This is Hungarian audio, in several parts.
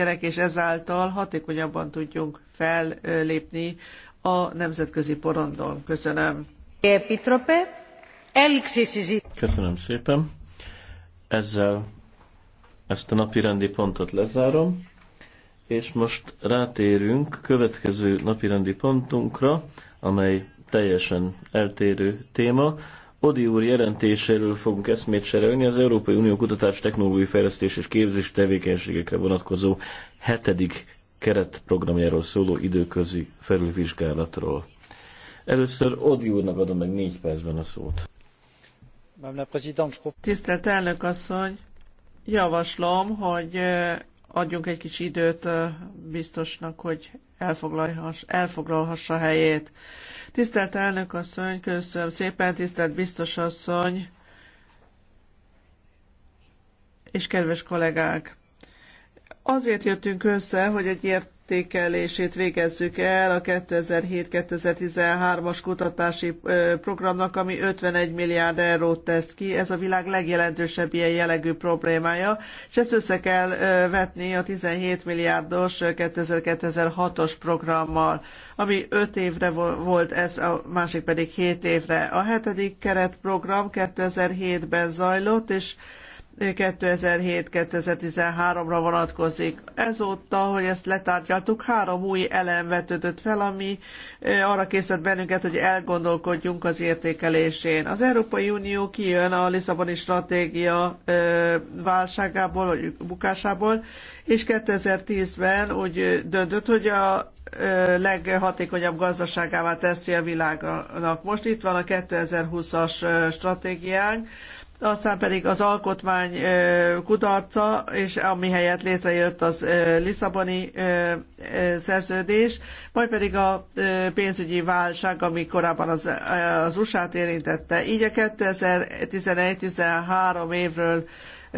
gyerek, és ezáltal hatékonyabban tudjunk fellépni a nemzetközi porondon. Köszönöm. Köszönöm szépen. Ezzel ezt a napi rendi pontot lezárom, és most rátérünk következő napi rendi pontunkra, amely teljesen eltérő téma, Odi úr jelentéséről fogunk eszmét serelni az Európai Unió Kutatás, Technológiai Fejlesztés és Képzés tevékenységekre vonatkozó hetedik keretprogramjáról szóló időközi felülvizsgálatról. Először Odi úrnak adom meg négy percben a szót. Tisztelt elnök asszony, javaslom, hogy eh, adjunk egy kis időt eh, biztosnak, hogy elfoglalhassa helyét. Tisztelt elnök asszony, köszönöm szépen, tisztelt biztos asszony és kedves kollégák! Azért jöttünk össze, hogy egy ilyen értékelését végezzük el a 2007-2013-as kutatási programnak, ami 51 milliárd eurót tesz ki. Ez a világ legjelentősebb ilyen jellegű problémája, és ezt össze kell vetni a 17 milliárdos 2006-os programmal, ami 5 évre volt ez, a másik pedig 7 évre. A hetedik keretprogram 2007-ben zajlott, és 2007-2013-ra vonatkozik. Ezóta, hogy ezt letárgyaltuk, három új elem vetődött fel, ami arra készített bennünket, hogy elgondolkodjunk az értékelésén. Az Európai Unió kijön a Lisszaboni stratégia válságából, vagy bukásából, és 2010-ben úgy döntött, hogy a leghatékonyabb gazdaságává teszi a világnak. Most itt van a 2020-as stratégiánk, aztán pedig az alkotmány kudarca, és ami helyett létrejött az Lisszaboni szerződés, majd pedig a pénzügyi válság, ami korábban az, az USA-t érintette. Így a 2011-13 évről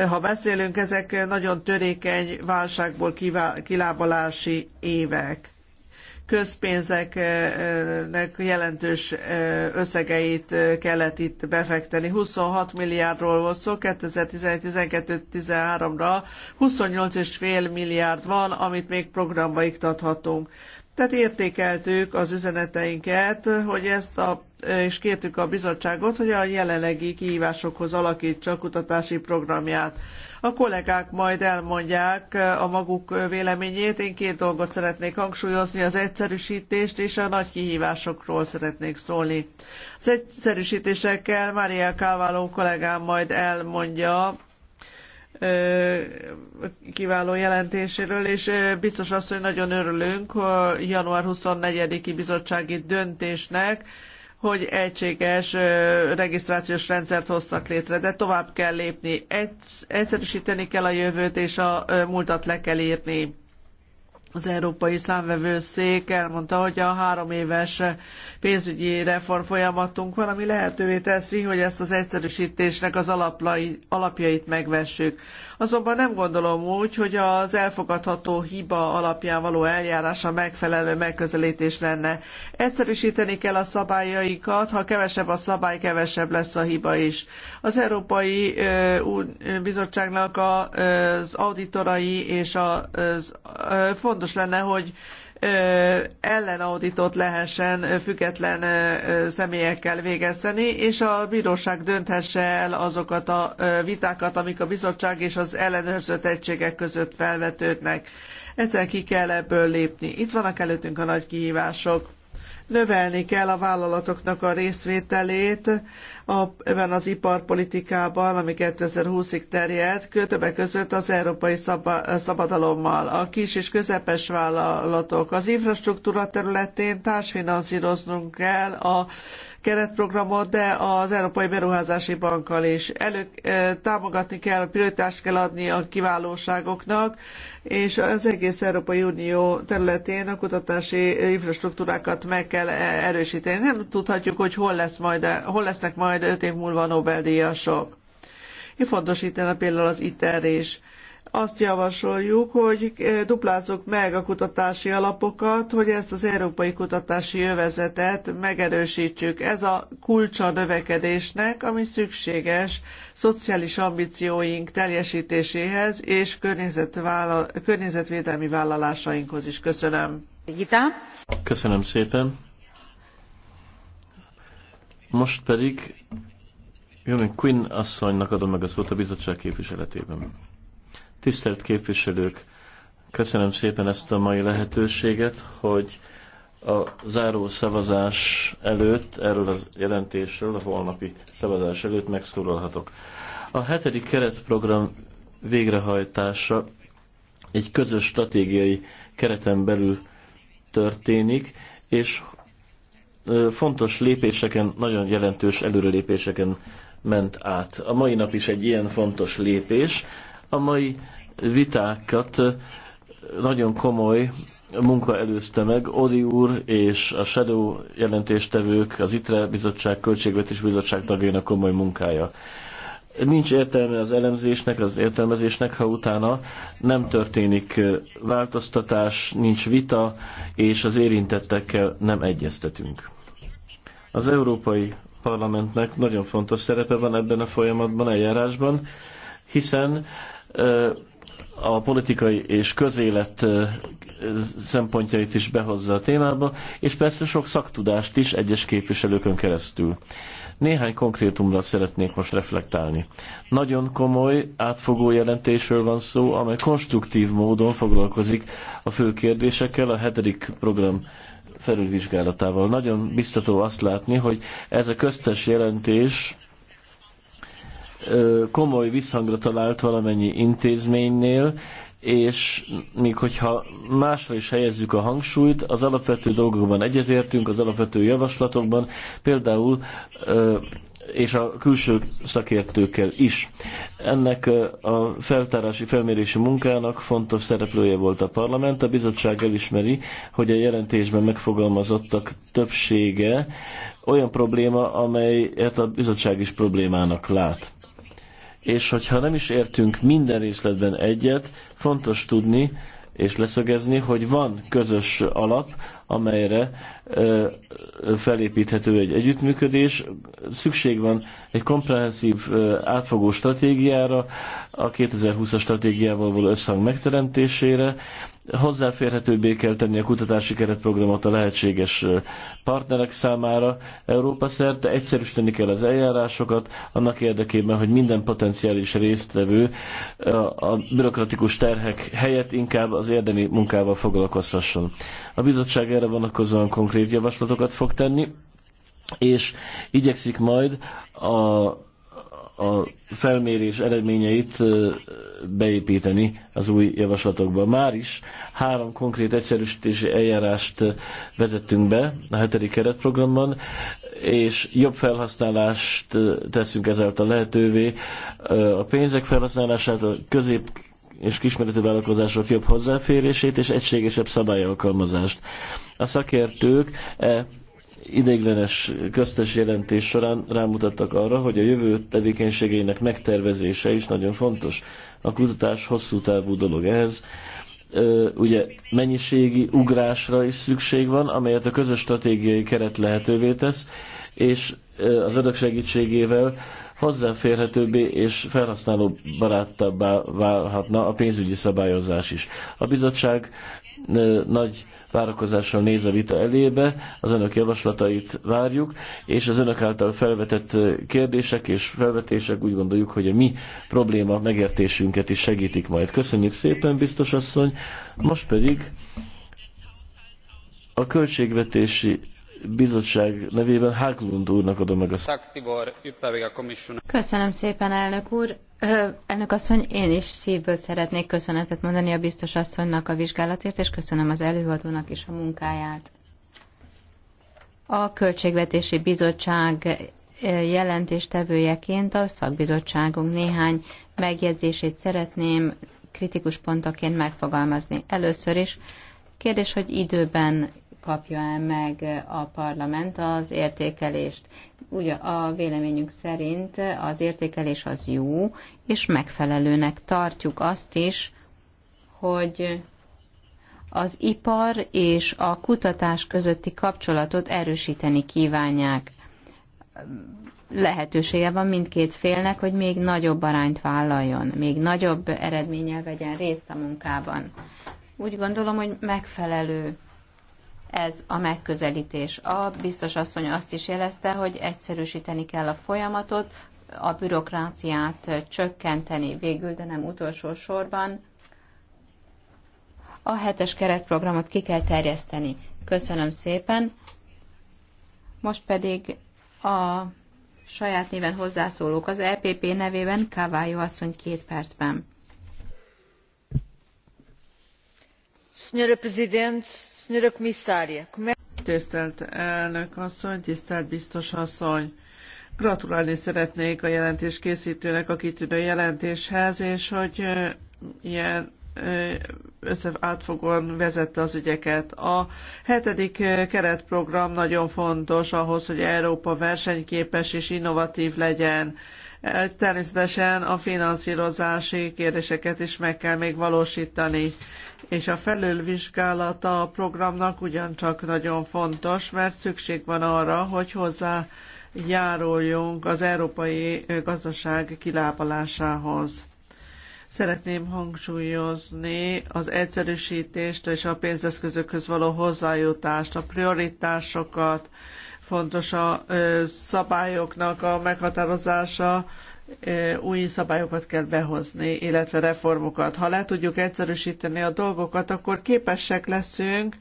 ha beszélünk, ezek nagyon törékeny válságból kilábalási évek közpénzeknek jelentős összegeit kellett itt befekteni. 26 milliárdról volt szó 2011-12-13-ra, 28,5 milliárd van, amit még programba iktathatunk. Tehát értékeltük az üzeneteinket, hogy ezt a és kértük a bizottságot, hogy a jelenlegi kihívásokhoz alakítsa a kutatási programját. A kollégák majd elmondják a maguk véleményét. Én két dolgot szeretnék hangsúlyozni, az egyszerűsítést és a nagy kihívásokról szeretnék szólni. Az egyszerűsítésekkel Mária Káváló kollégám majd elmondja kiváló jelentéséről, és biztos azt, hogy nagyon örülünk a január 24-i bizottsági döntésnek, hogy egységes regisztrációs rendszert hoztak létre, de tovább kell lépni. Egyszerűsíteni kell a jövőt, és a múltat le kell írni. Az Európai Számvevőszék elmondta, hogy a három éves pénzügyi reform folyamatunk van, ami lehetővé teszi, hogy ezt az egyszerűsítésnek az alapjait megvessük. Azonban nem gondolom úgy, hogy az elfogadható hiba alapján való eljárása megfelelő megközelítés lenne. Egyszerűsíteni kell a szabályaikat, ha kevesebb a szabály, kevesebb lesz a hiba is. Az Európai Bizottságnak az auditorai és az fontos lenne, hogy ellenauditot lehessen független személyekkel végezteni, és a bíróság dönthesse el azokat a vitákat, amik a bizottság és az ellenőrzött egységek között felvetődnek. Ezen ki kell ebből lépni. Itt vannak előttünk a nagy kihívások növelni kell a vállalatoknak a részvételét ebben az iparpolitikában, ami 2020-ig terjed, többek között az európai szabadalommal. A kis és közepes vállalatok az infrastruktúra területén társfinanszíroznunk kell a keretprogramot, de az Európai Beruházási Bankkal is. Elő támogatni kell, prioritást kell adni a kiválóságoknak, és az egész Európai Unió területén a kutatási infrastruktúrákat meg kell erősíteni. Nem tudhatjuk, hogy hol, lesz majd, hol lesznek majd öt év múlva Nobel-díjasok. Fontos itt például az ITER is azt javasoljuk, hogy eh, duplázzuk meg a kutatási alapokat, hogy ezt az európai kutatási övezetet megerősítsük. Ez a kulcsa növekedésnek, ami szükséges szociális ambícióink teljesítéséhez és környezetvédelmi vállalásainkhoz is. Köszönöm. Köszönöm szépen. Most pedig Jönni Quinn asszonynak adom meg a szót a bizottság képviseletében. Tisztelt képviselők, köszönöm szépen ezt a mai lehetőséget, hogy a záró szavazás előtt, erről az jelentésről, a holnapi szavazás előtt megszólalhatok. A hetedik keretprogram végrehajtása egy közös stratégiai kereten belül történik, és fontos lépéseken, nagyon jelentős előrelépéseken ment át. A mai nap is egy ilyen fontos lépés a mai vitákat nagyon komoly munka előzte meg. Odi úr és a Shadow jelentéstevők, az ITRE bizottság, költségvetés bizottság tagjainak komoly munkája. Nincs értelme az elemzésnek, az értelmezésnek, ha utána nem történik változtatás, nincs vita, és az érintettekkel nem egyeztetünk. Az Európai Parlamentnek nagyon fontos szerepe van ebben a folyamatban, eljárásban, hiszen a politikai és közélet szempontjait is behozza a témába, és persze sok szaktudást is egyes képviselőkön keresztül. Néhány konkrétumra szeretnék most reflektálni. Nagyon komoly, átfogó jelentésről van szó, amely konstruktív módon foglalkozik a fő kérdésekkel, a hetedik program felülvizsgálatával. Nagyon biztató azt látni, hogy ez a köztes jelentés komoly visszhangra talált valamennyi intézménynél, és még hogyha másra is helyezzük a hangsúlyt, az alapvető dolgokban egyetértünk, az alapvető javaslatokban, például és a külső szakértőkkel is. Ennek a feltárási, felmérési munkának fontos szereplője volt a parlament. A bizottság elismeri, hogy a jelentésben megfogalmazottak többsége olyan probléma, amelyet a bizottság is problémának lát és hogyha nem is értünk minden részletben egyet, fontos tudni és leszögezni, hogy van közös alap, amelyre felépíthető egy együttműködés. Szükség van egy komprehenszív átfogó stratégiára, a 2020-as stratégiával való összhang megteremtésére, hozzáférhetőbbé kell tenni a kutatási keretprogramot a lehetséges partnerek számára Európa szerte, egyszerűsíteni kell az eljárásokat annak érdekében, hogy minden potenciális résztvevő a bürokratikus terhek helyett inkább az érdemi munkával foglalkozhasson. A bizottság erre vonatkozóan konkrét javaslatokat fog tenni, és igyekszik majd a a felmérés eredményeit beépíteni az új javaslatokba. Már is három konkrét egyszerűsítési eljárást vezettünk be a hetedik keretprogramban, és jobb felhasználást teszünk ezáltal lehetővé. A pénzek felhasználását, a közép és kismeretű vállalkozások jobb hozzáférését és egységesebb szabályalkalmazást. A szakértők e ideiglenes köztes jelentés során rámutattak arra, hogy a jövő tevékenységeinek megtervezése is nagyon fontos. A kutatás hosszú távú dolog ehhez. Ugye mennyiségi ugrásra is szükség van, amelyet a közös stratégiai keret lehetővé tesz, és az örök segítségével hozzáférhetőbbé és felhasználó barátabbá válhatna a pénzügyi szabályozás is. A bizottság nagy várakozással néz a vita elébe, az önök javaslatait várjuk, és az önök által felvetett kérdések és felvetések úgy gondoljuk, hogy a mi probléma megértésünket is segítik majd. Köszönjük szépen, biztos asszony. Most pedig a költségvetési bizottság nevében Haglund úrnak adom meg a szót. Köszönöm szépen, elnök úr. Ö, elnök asszony, én is szívből szeretnék köszönetet mondani a biztos asszonynak a vizsgálatért, és köszönöm az előadónak is a munkáját. A Költségvetési Bizottság jelentéstevőjeként a szakbizottságunk néhány megjegyzését szeretném kritikus pontoként megfogalmazni. Először is kérdés, hogy időben kapja el meg a parlament az értékelést. Ugye a véleményünk szerint az értékelés az jó, és megfelelőnek tartjuk azt is, hogy az ipar és a kutatás közötti kapcsolatot erősíteni kívánják. Lehetősége van mindkét félnek, hogy még nagyobb arányt vállaljon, még nagyobb eredménnyel vegyen részt a munkában. Úgy gondolom, hogy megfelelő ez a megközelítés. A biztos asszony azt is jelezte, hogy egyszerűsíteni kell a folyamatot, a bürokráciát csökkenteni végül, de nem utolsó sorban. A hetes keretprogramot ki kell terjeszteni. Köszönöm szépen. Most pedig a saját néven hozzászólók az EPP nevében Kávályó asszony két percben. Tisztelt elnök asszony, tisztelt biztos asszony! Gratulálni szeretnék a jelentés késztőjének a kitűnő jelentéshez, és hogy ilyen átfogóan vezette az ügyeket. A hetedik keretprogram nagyon fontos ahhoz, hogy Európa versenyképes és innovatív legyen Természetesen a finanszírozási kérdéseket is meg kell még valósítani és a felülvizsgálata a programnak ugyancsak nagyon fontos, mert szükség van arra, hogy hozzá járuljunk az európai gazdaság kilábalásához. Szeretném hangsúlyozni az egyszerűsítést és a pénzeszközökhöz való hozzájutást, a prioritásokat, fontos a szabályoknak a meghatározása, új szabályokat kell behozni, illetve reformokat. Ha le tudjuk egyszerűsíteni a dolgokat, akkor képesek leszünk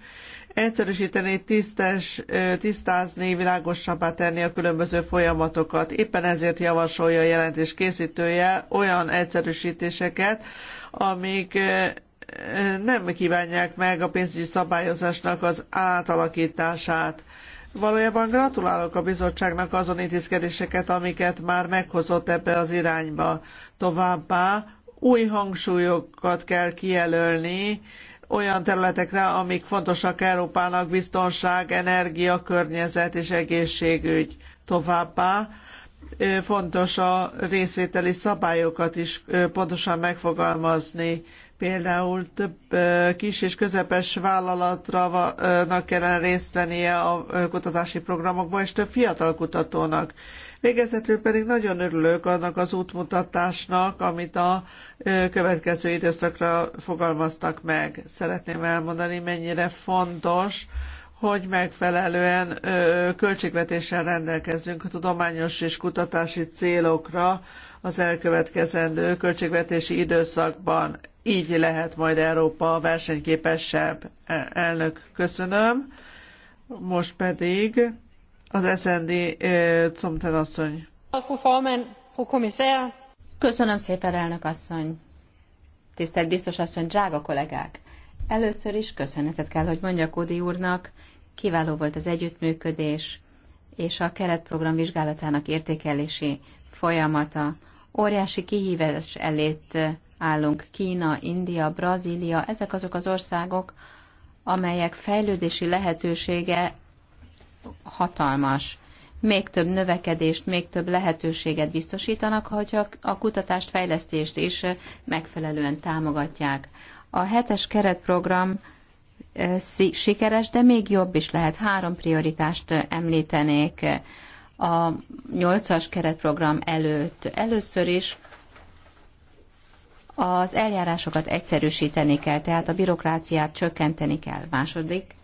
egyszerűsíteni, tisztes, tisztázni, világosabbá tenni a különböző folyamatokat. Éppen ezért javasolja a jelentés készítője olyan egyszerűsítéseket, amik nem kívánják meg a pénzügyi szabályozásnak az átalakítását Valójában gratulálok a bizottságnak azon intézkedéseket, amiket már meghozott ebbe az irányba. Továbbá új hangsúlyokat kell kijelölni olyan területekre, amik fontosak Európának biztonság, energia, környezet és egészségügy. Továbbá fontos a részvételi szabályokat is pontosan megfogalmazni például több kis és közepes vállalatnak kellene részt vennie a kutatási programokban, és több fiatal kutatónak. Végezetül pedig nagyon örülök annak az útmutatásnak, amit a következő időszakra fogalmaztak meg. Szeretném elmondani, mennyire fontos, hogy megfelelően költségvetéssel rendelkezzünk a tudományos és kutatási célokra, az elkövetkezendő költségvetési időszakban. Így lehet majd Európa versenyképesebb. E, elnök, köszönöm. Most pedig az SND e, Comten asszony. Köszönöm szépen, elnök asszony. Tisztelt biztos asszony, drága kollégák! Először is köszönetet kell, hogy mondjak Kódi úrnak, kiváló volt az együttműködés, és a keretprogram vizsgálatának értékelési folyamata Óriási kihívás elét eh, állunk. Kína, India, Brazília, ezek azok az országok, amelyek fejlődési lehetősége hatalmas. Még több növekedést, még több lehetőséget biztosítanak, hogyha a kutatást, fejlesztést is eh, megfelelően támogatják. A hetes keretprogram eh, sikeres, de még jobb is lehet. Három prioritást említenék a nyolcas keretprogram előtt. Először is az eljárásokat egyszerűsíteni kell, tehát a bürokráciát csökkenteni kell. Második,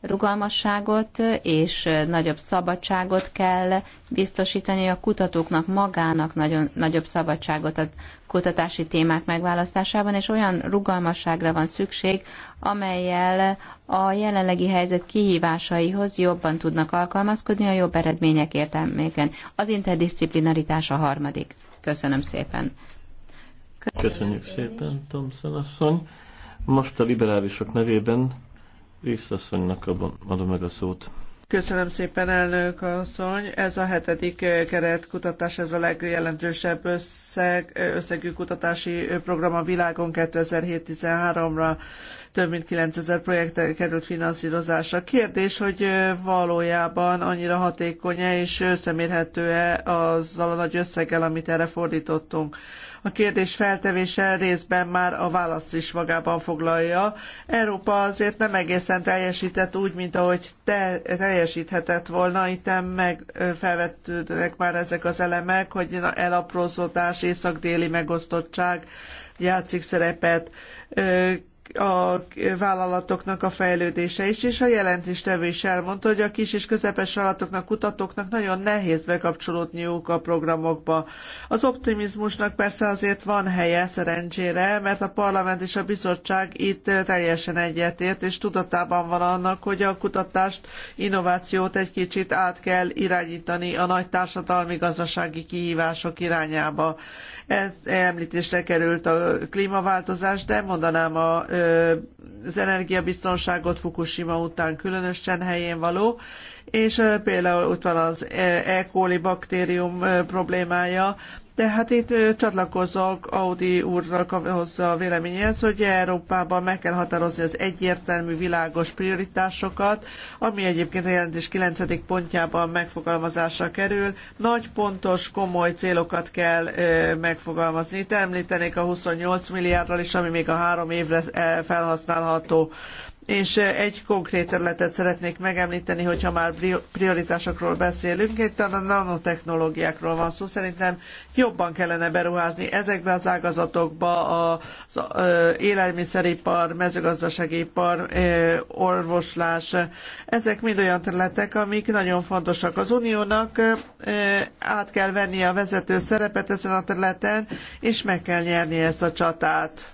rugalmasságot és nagyobb szabadságot kell biztosítani a kutatóknak magának nagyon, nagyobb szabadságot a kutatási témák megválasztásában, és olyan rugalmasságra van szükség, amelyel a jelenlegi helyzet kihívásaihoz jobban tudnak alkalmazkodni a jobb eredmények értelmében. Az interdisziplinaritás a harmadik. Köszönöm szépen. Köszönöm Köszönjük szépen, Tomszon asszony. Most a liberálisok nevében Részasszonynak adom meg a szót. Köszönöm szépen, elnök asszony. Ez a hetedik keretkutatás, ez a legjelentősebb összeg, összegű kutatási program a világon 2007-13-ra több mint 9000 projekt került finanszírozásra. Kérdés, hogy valójában annyira hatékony-e és összemérhető-e azzal a nagy összeggel, amit erre fordítottunk. A kérdés feltevése részben már a választ is magában foglalja. Európa azért nem egészen teljesített úgy, mint ahogy te, teljesíthetett volna. Itt meg felvetődnek már ezek az elemek, hogy elaprózódás, észak-déli megosztottság játszik szerepet a vállalatoknak a fejlődése is, és a jelentéstevő is elmondta, hogy a kis és közepes vállalatoknak, kutatóknak nagyon nehéz bekapcsolódniuk a programokba. Az optimizmusnak persze azért van helye szerencsére, mert a parlament és a bizottság itt teljesen egyetért, és tudatában van annak, hogy a kutatást, innovációt egy kicsit át kell irányítani a nagy társadalmi gazdasági kihívások irányába. Ez említésre került a klímaváltozás, de mondanám a, az energiabiztonságot Fukushima után különösen helyén való, és például ott van az E. coli baktérium problémája, tehát itt csatlakozok Audi úrnak ahhoz a véleményhez, hogy Európában meg kell határozni az egyértelmű, világos prioritásokat, ami egyébként a jelentés 9. pontjában megfogalmazásra kerül. Nagy, pontos, komoly célokat kell megfogalmazni. Itt említenék a 28 milliárdal is, ami még a három évre felhasználható és eh, egy konkrét területet szeretnék megemlíteni, hogyha már prioritásokról beszélünk, itt a nanotechnológiákról van szó, szerintem jobban kellene beruházni ezekbe az ágazatokba, az eh, élelmiszeripar, mezőgazdasági ipar, eh, orvoslás, ezek mind olyan területek, amik nagyon fontosak. Az uniónak át kell vennie a vezető szerepet ezen a területen, és meg kell nyerni ezt a csatát.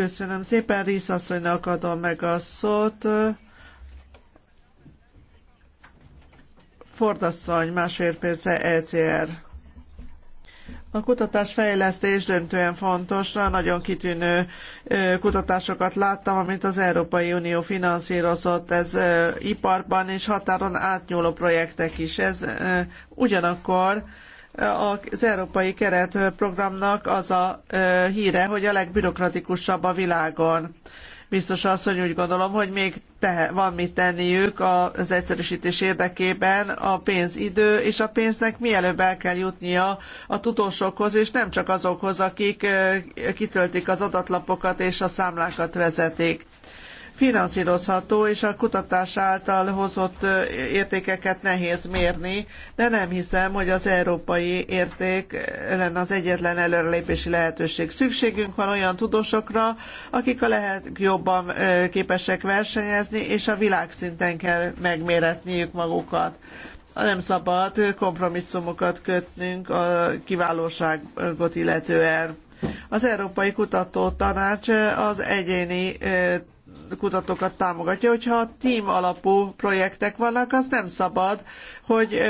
Köszönöm szépen, Rész asszonynak adom meg a szót. Ford asszony, másfél perce ECR. A kutatás fejlesztés döntően fontos, nagyon kitűnő kutatásokat láttam, amit az Európai Unió finanszírozott, ez iparban és határon átnyúló projektek is. Ez ugyanakkor az Európai Keretprogramnak az a híre, hogy a legbürokratikusabb a világon. Biztos asszony úgy gondolom, hogy még tehe, van mit tenniük az egyszerűsítés érdekében, a pénz idő, és a pénznek mielőbb el kell jutnia a tudósokhoz, és nem csak azokhoz, akik kitöltik az adatlapokat és a számlákat vezetik finanszírozható, és a kutatás által hozott értékeket nehéz mérni, de nem hiszem, hogy az európai érték lenne az egyetlen előrelépési lehetőség. Szükségünk van olyan tudósokra, akik a lehet jobban képesek versenyezni, és a világszinten kell megméretniük magukat nem szabad kompromisszumokat kötnünk a kiválóságot illetően. Az Európai Kutató Tanács az egyéni kutatókat támogatja. Hogyha tím alapú projektek vannak, az nem szabad, hogy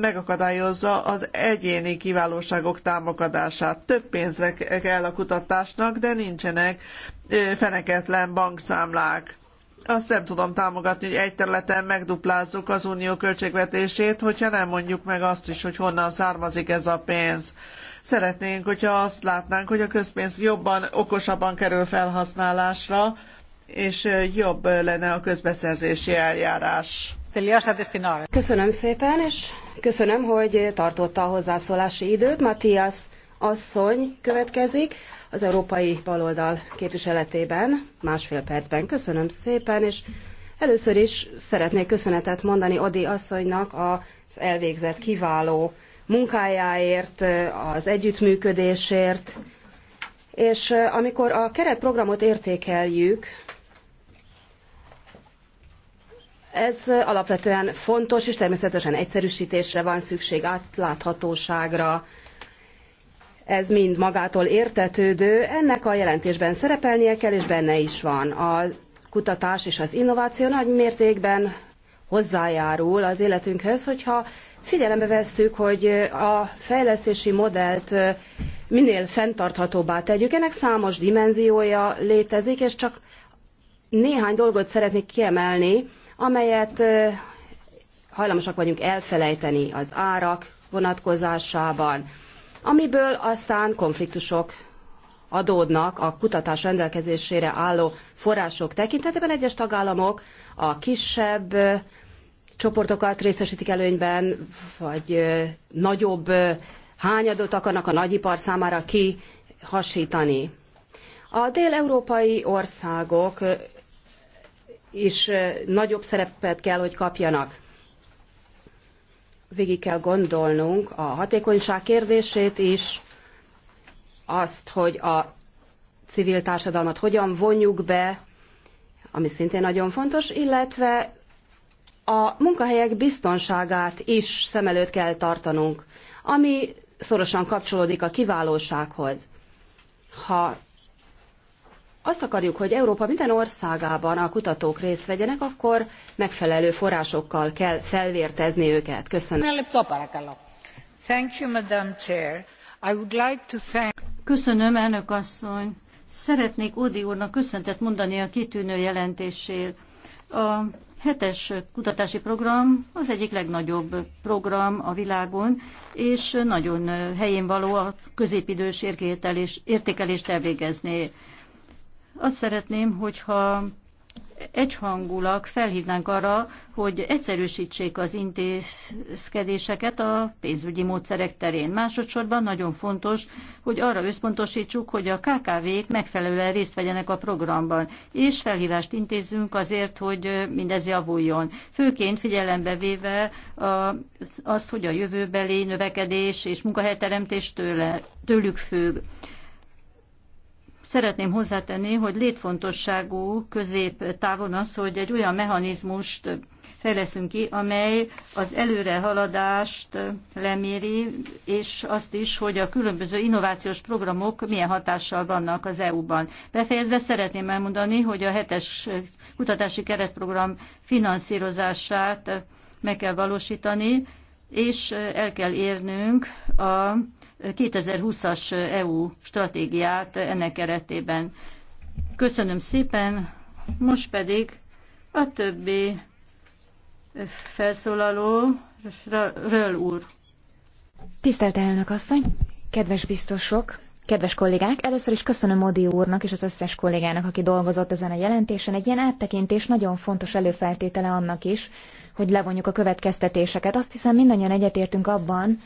megakadályozza az egyéni kiválóságok támogatását. Több pénzre kell a kutatásnak, de nincsenek feneketlen bankszámlák azt nem tudom támogatni, hogy egy területen megduplázzuk az unió költségvetését, hogyha nem mondjuk meg azt is, hogy honnan származik ez a pénz. Szeretnénk, hogyha azt látnánk, hogy a közpénz jobban, okosabban kerül felhasználásra, és jobb lenne a közbeszerzési eljárás. Köszönöm szépen, és köszönöm, hogy tartotta a hozzászólási időt. Matthias asszony következik az Európai Baloldal képviseletében másfél percben. Köszönöm szépen, és először is szeretnék köszönetet mondani Odi asszonynak az elvégzett kiváló munkájáért, az együttműködésért, és amikor a keretprogramot értékeljük, ez alapvetően fontos, és természetesen egyszerűsítésre van szükség, átláthatóságra. Ez mind magától értetődő, ennek a jelentésben szerepelnie kell, és benne is van. A kutatás és az innováció nagy mértékben hozzájárul az életünkhöz, hogyha figyelembe vesszük, hogy a fejlesztési modellt minél fenntarthatóbbá tegyük. Ennek számos dimenziója létezik, és csak néhány dolgot szeretnék kiemelni, amelyet hajlamosak vagyunk elfelejteni az árak vonatkozásában, amiből aztán konfliktusok adódnak a kutatás rendelkezésére álló források tekintetében. Egyes tagállamok a kisebb csoportokat részesítik előnyben, vagy nagyobb hányadot akarnak a nagyipar számára kihasítani. A dél-európai országok és nagyobb szerepet kell, hogy kapjanak. Végig kell gondolnunk a hatékonyság kérdését is, azt, hogy a civil társadalmat hogyan vonjuk be, ami szintén nagyon fontos, illetve a munkahelyek biztonságát is szem előtt kell tartanunk, ami szorosan kapcsolódik a kiválósághoz. Ha azt akarjuk, hogy Európa minden országában a kutatók részt vegyenek, akkor megfelelő forrásokkal kell felvértezni őket. Köszönöm. Köszönöm, elnök asszony. Szeretnék Ódi úrnak köszöntet mondani a kitűnő jelentésért. A hetes kutatási program az egyik legnagyobb program a világon, és nagyon helyén való a középidős értékelést elvégezni. Azt szeretném, hogyha egyhangulag felhívnánk arra, hogy egyszerűsítsék az intézkedéseket a pénzügyi módszerek terén. Másodszorban nagyon fontos, hogy arra összpontosítsuk, hogy a KKV-k megfelelően részt vegyenek a programban, és felhívást intézzünk azért, hogy mindez javuljon. Főként figyelembe véve azt, hogy a jövőbeli növekedés és munkahelyteremtés tőle, tőlük függ. Szeretném hozzátenni, hogy létfontosságú középtávon az, hogy egy olyan mechanizmust fejleszünk ki, amely az előrehaladást leméri, és azt is, hogy a különböző innovációs programok milyen hatással vannak az EU-ban. Befejezve szeretném elmondani, hogy a hetes kutatási keretprogram finanszírozását meg kell valósítani, és el kell érnünk a 2020-as EU stratégiát ennek keretében. Köszönöm szépen, most pedig a többi felszólaló Röl úr. Tisztelt elnök asszony, kedves biztosok, Kedves kollégák, először is köszönöm Modi úrnak és az összes kollégának, aki dolgozott ezen a jelentésen. Egy ilyen áttekintés nagyon fontos előfeltétele annak is, hogy levonjuk a következtetéseket. Azt hiszem mindannyian egyetértünk abban,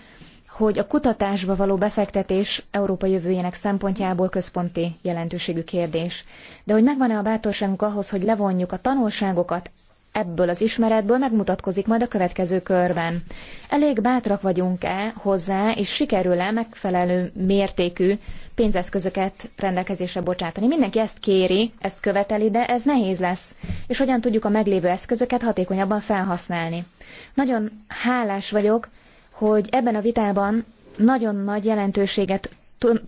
hogy a kutatásba való befektetés Európa jövőjének szempontjából központi jelentőségű kérdés. De hogy megvan-e a bátorságunk ahhoz, hogy levonjuk a tanulságokat ebből az ismeretből megmutatkozik majd a következő körben. Elég bátrak vagyunk-e hozzá, és sikerül-e megfelelő mértékű pénzeszközöket rendelkezésre bocsátani? Mindenki ezt kéri, ezt követeli, de ez nehéz lesz. És hogyan tudjuk a meglévő eszközöket hatékonyabban felhasználni? Nagyon hálás vagyok hogy ebben a vitában nagyon nagy jelentőséget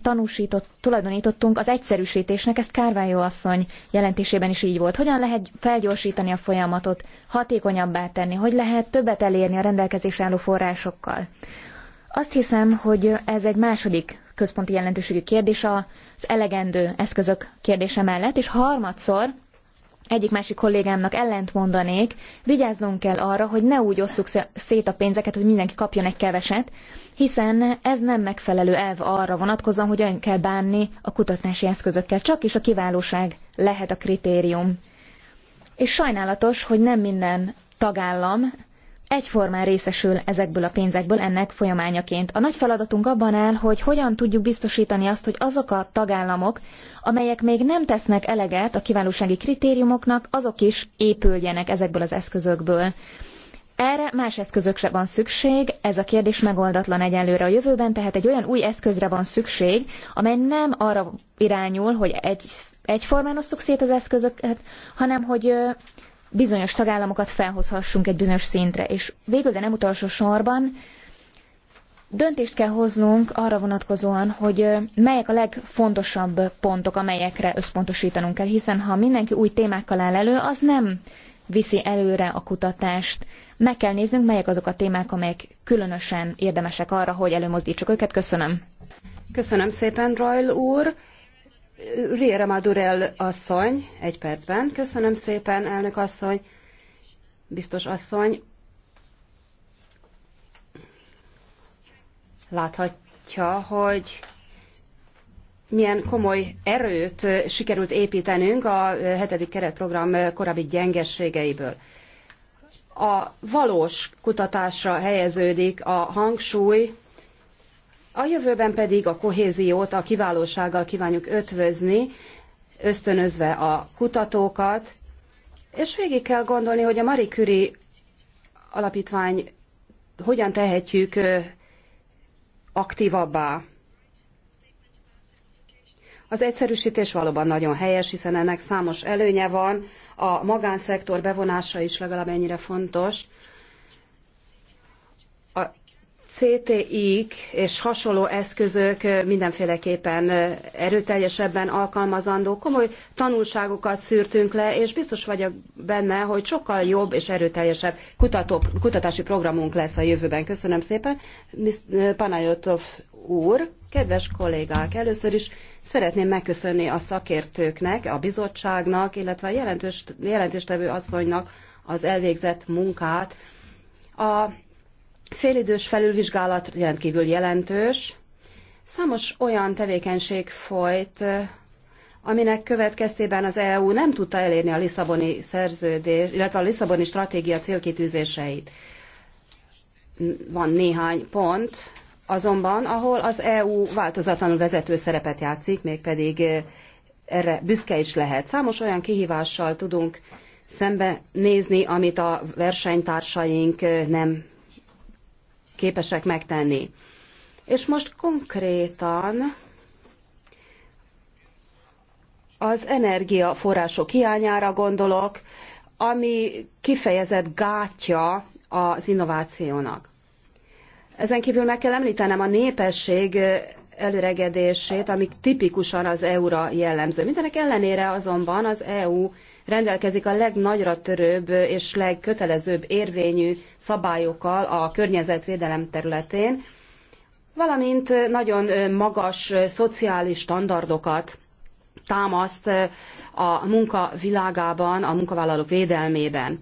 tanúsított, tulajdonítottunk az egyszerűsítésnek, ezt Kárvályó asszony jelentésében is így volt. Hogyan lehet felgyorsítani a folyamatot, hatékonyabbá tenni, hogy lehet többet elérni a rendelkezésre álló forrásokkal. Azt hiszem, hogy ez egy második központi jelentőségű kérdés az elegendő eszközök kérdése mellett, és harmadszor egyik másik kollégámnak ellent mondanék, vigyáznunk kell arra, hogy ne úgy osszuk szét a pénzeket, hogy mindenki kapjon egy keveset, hiszen ez nem megfelelő elv arra vonatkozóan, hogy olyan kell bánni a kutatási eszközökkel. Csak is a kiválóság lehet a kritérium. És sajnálatos, hogy nem minden tagállam egyformán részesül ezekből a pénzekből ennek folyamányaként. A nagy feladatunk abban áll, hogy hogyan tudjuk biztosítani azt, hogy azok a tagállamok, amelyek még nem tesznek eleget a kiválósági kritériumoknak, azok is épüljenek ezekből az eszközökből. Erre más eszközökre van szükség, ez a kérdés megoldatlan egyelőre a jövőben, tehát egy olyan új eszközre van szükség, amely nem arra irányul, hogy egy, egyformán osszuk szét az eszközöket, hanem hogy bizonyos tagállamokat felhozhassunk egy bizonyos szintre. És végül, de nem utolsó sorban, döntést kell hoznunk arra vonatkozóan, hogy melyek a legfontosabb pontok, amelyekre összpontosítanunk kell, hiszen ha mindenki új témákkal áll elő, az nem viszi előre a kutatást. Meg kell néznünk, melyek azok a témák, amelyek különösen érdemesek arra, hogy előmozdítsuk őket. Köszönöm. Köszönöm szépen, Royal úr. Riera Madurell asszony, egy percben. Köszönöm szépen, elnök asszony, biztos asszony. Láthatja, hogy milyen komoly erőt sikerült építenünk a hetedik keretprogram korábbi gyengességeiből. A valós kutatásra helyeződik a hangsúly, a jövőben pedig a kohéziót a kiválósággal kívánjuk ötvözni, ösztönözve a kutatókat, és végig kell gondolni, hogy a Marie Curie alapítvány hogyan tehetjük aktívabbá. Az egyszerűsítés valóban nagyon helyes, hiszen ennek számos előnye van, a magánszektor bevonása is legalább ennyire fontos. CTI-k és hasonló eszközök mindenféleképpen erőteljesebben alkalmazandó. Komoly tanulságokat szűrtünk le, és biztos vagyok benne, hogy sokkal jobb és erőteljesebb kutató, kutatási programunk lesz a jövőben. Köszönöm szépen. Panajotov úr, kedves kollégák, először is szeretném megköszönni a szakértőknek, a bizottságnak, illetve a jelentős, jelentéstevő asszonynak az elvégzett munkát. A félidős felülvizsgálat rendkívül jelentős. Számos olyan tevékenység folyt, aminek következtében az EU nem tudta elérni a Lisszaboni szerződés, illetve a Lisszaboni stratégia célkitűzéseit. Van néhány pont, azonban, ahol az EU változatlanul vezető szerepet játszik, mégpedig eh, erre büszke is lehet. Számos olyan kihívással tudunk szembe nézni, amit a versenytársaink eh, nem képesek megtenni. És most konkrétan az energiaforrások hiányára gondolok, ami kifejezett gátja az innovációnak. Ezen kívül meg kell említenem a népesség előregedését, amik tipikusan az EU-ra jellemző. Mindenek ellenére azonban az EU rendelkezik a legnagyra törőbb és legkötelezőbb érvényű szabályokkal a környezetvédelem területén, valamint nagyon magas szociális standardokat támaszt a munka világában, a munkavállalók védelmében.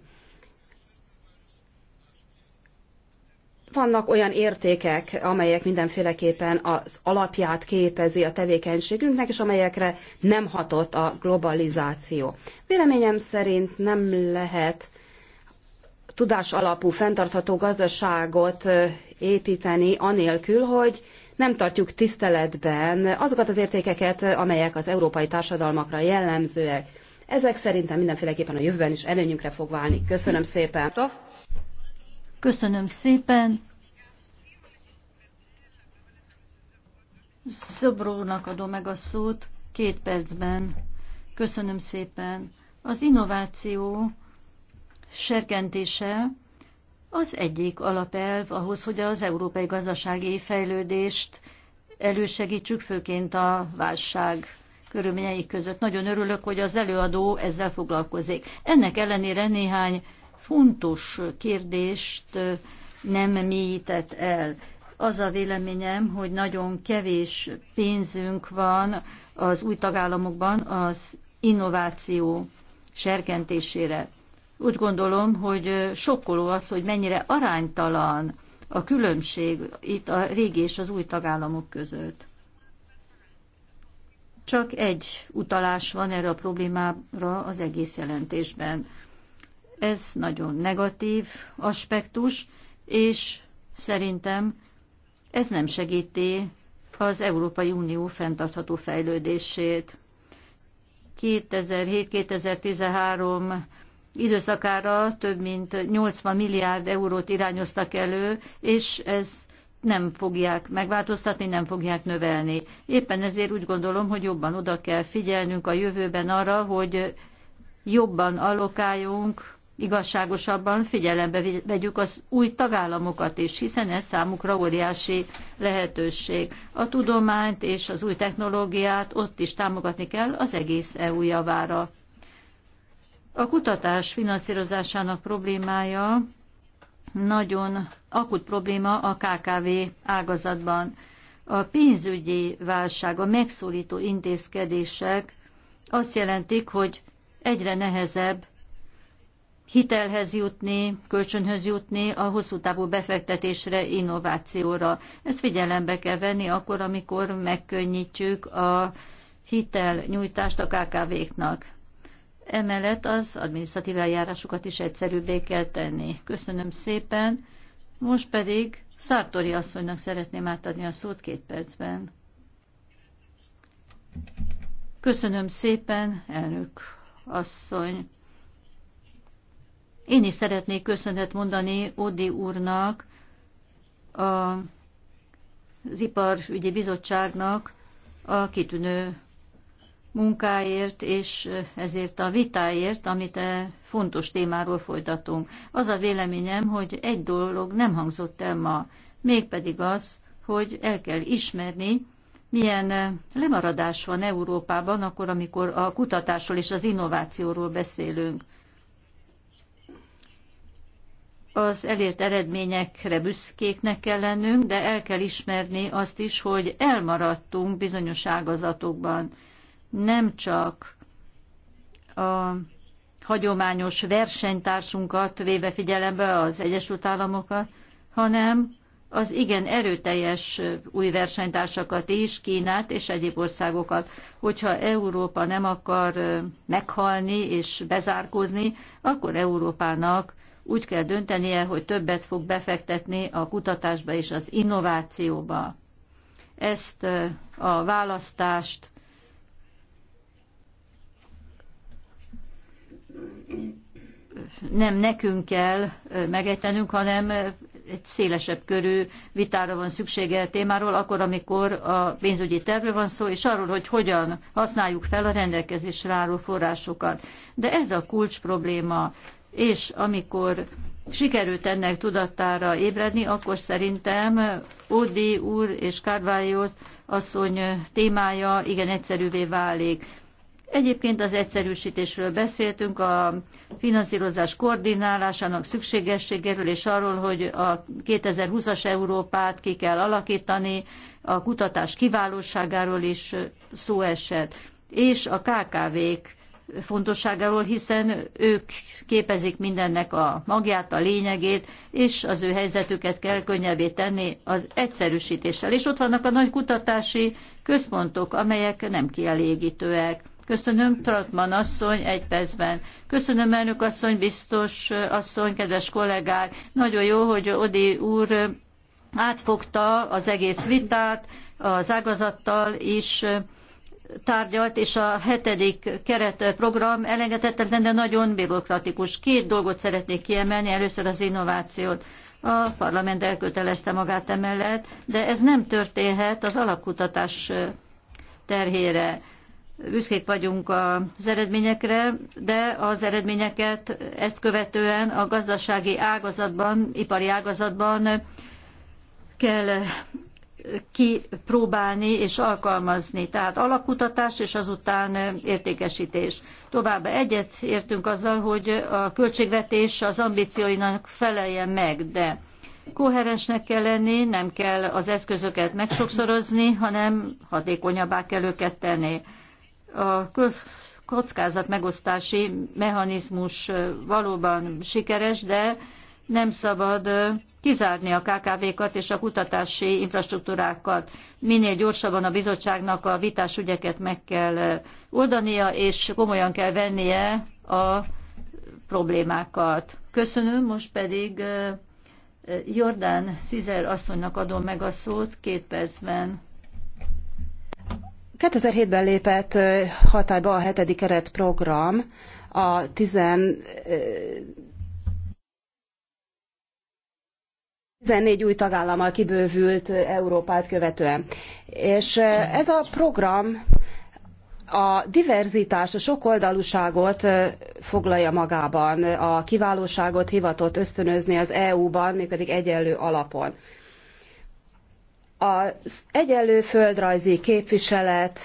vannak olyan értékek, amelyek mindenféleképpen az alapját képezi a tevékenységünknek, és amelyekre nem hatott a globalizáció. Véleményem szerint nem lehet tudás alapú fenntartható gazdaságot építeni anélkül, hogy nem tartjuk tiszteletben azokat az értékeket, amelyek az európai társadalmakra jellemzőek. Ezek szerintem mindenféleképpen a jövőben is előnyünkre fog válni. Köszönöm szépen! Köszönöm szépen. Szobrónak adom meg a szót két percben. Köszönöm szépen. Az innováció serkentése az egyik alapelv ahhoz, hogy az európai gazdasági fejlődést elősegítsük, főként a válság körülményei között. Nagyon örülök, hogy az előadó ezzel foglalkozik. Ennek ellenére néhány fontos kérdést nem mélyített el. Az a véleményem, hogy nagyon kevés pénzünk van az új tagállamokban az innováció serkentésére. Úgy gondolom, hogy sokkoló az, hogy mennyire aránytalan a különbség itt a régi és az új tagállamok között. Csak egy utalás van erre a problémára az egész jelentésben. Ez nagyon negatív aspektus, és szerintem ez nem segíti az Európai Unió fenntartható fejlődését. 2007-2013 időszakára több mint 80 milliárd eurót irányoztak elő, és ez nem fogják megváltoztatni, nem fogják növelni. Éppen ezért úgy gondolom, hogy jobban oda kell figyelnünk a jövőben arra, hogy jobban allokáljunk igazságosabban figyelembe vegyük az új tagállamokat is, hiszen ez számukra óriási lehetőség. A tudományt és az új technológiát ott is támogatni kell az egész EU javára. A kutatás finanszírozásának problémája nagyon akut probléma a KKV ágazatban. A pénzügyi válság, a megszólító intézkedések azt jelentik, hogy egyre nehezebb hitelhez jutni, kölcsönhöz jutni, a hosszú távú befektetésre, innovációra. Ezt figyelembe kell venni akkor, amikor megkönnyítjük a hitelnyújtást a KKV-knak. Emellett az adminisztratív eljárásokat is egyszerűbbé kell tenni. Köszönöm szépen. Most pedig Szártori asszonynak szeretném átadni a szót két percben. Köszönöm szépen, elnök asszony. Én is szeretnék köszönet mondani Odi úrnak, a, az Iparügyi Bizottságnak a kitűnő munkáért és ezért a vitáért, amit e fontos témáról folytatunk. Az a véleményem, hogy egy dolog nem hangzott el ma, mégpedig az, hogy el kell ismerni, milyen lemaradás van Európában, akkor, amikor a kutatásról és az innovációról beszélünk az elért eredményekre büszkéknek kell lennünk, de el kell ismerni azt is, hogy elmaradtunk bizonyos ágazatokban. Nem csak a hagyományos versenytársunkat véve figyelembe az Egyesült Államokat, hanem az igen erőteljes új versenytársakat is, Kínát és egyéb országokat. Hogyha Európa nem akar meghalni és bezárkózni, akkor Európának úgy kell döntenie, hogy többet fog befektetni a kutatásba és az innovációba. Ezt a választást nem nekünk kell megejtenünk, hanem egy szélesebb körű vitára van szüksége a témáról, akkor, amikor a pénzügyi tervről van szó, és arról, hogy hogyan használjuk fel a rendelkezésre álló forrásokat. De ez a kulcs probléma és amikor sikerült ennek tudattára ébredni, akkor szerintem Odi úr és Carvalho asszony témája igen egyszerűvé válik. Egyébként az egyszerűsítésről beszéltünk, a finanszírozás koordinálásának szükségességéről, és arról, hogy a 2020-as Európát ki kell alakítani, a kutatás kiválóságáról is szó esett, és a KKV-k fontosságáról, hiszen ők képezik mindennek a magját, a lényegét, és az ő helyzetüket kell könnyebbé tenni az egyszerűsítéssel. És ott vannak a nagy kutatási központok, amelyek nem kielégítőek. Köszönöm, Tratman asszony, egy percben. Köszönöm, elnök asszony, biztos asszony, kedves kollégák. Nagyon jó, hogy Odi úr átfogta az egész vitát, az ágazattal is, tárgyalt, és a hetedik keretprogram elengedhetetlen, de nagyon bürokratikus. Két dolgot szeretnék kiemelni, először az innovációt. A parlament elkötelezte magát emellett, de ez nem történhet az alapkutatás terhére. Büszkék vagyunk az eredményekre, de az eredményeket ezt követően a gazdasági ágazatban, ipari ágazatban kell kipróbálni és alkalmazni. Tehát alapkutatás és azután értékesítés. Továbbá egyet értünk azzal, hogy a költségvetés az ambícióinak feleljen meg, de koherensnek kell lenni, nem kell az eszközöket megsokszorozni, hanem hatékonyabbá kell őket tenni. A kockázat megosztási mechanizmus valóban sikeres, de nem szabad kizárni a KKV-kat és a kutatási infrastruktúrákat. Minél gyorsabban a bizottságnak a vitás ügyeket meg kell eh, oldania, és komolyan kell vennie a problémákat. Köszönöm, most pedig eh, Jordán Cizer asszonynak adom meg a szót két percben. 2007-ben lépett eh, hatályba a hetedik keretprogram, a 10 14 új tagállammal kibővült Európát követően. És eh, ez a program a diverzitás, a sokoldalúságot eh, foglalja magában, a kiválóságot hivatott ösztönözni az EU-ban, mégpedig egyenlő alapon. Az egyenlő földrajzi képviselet,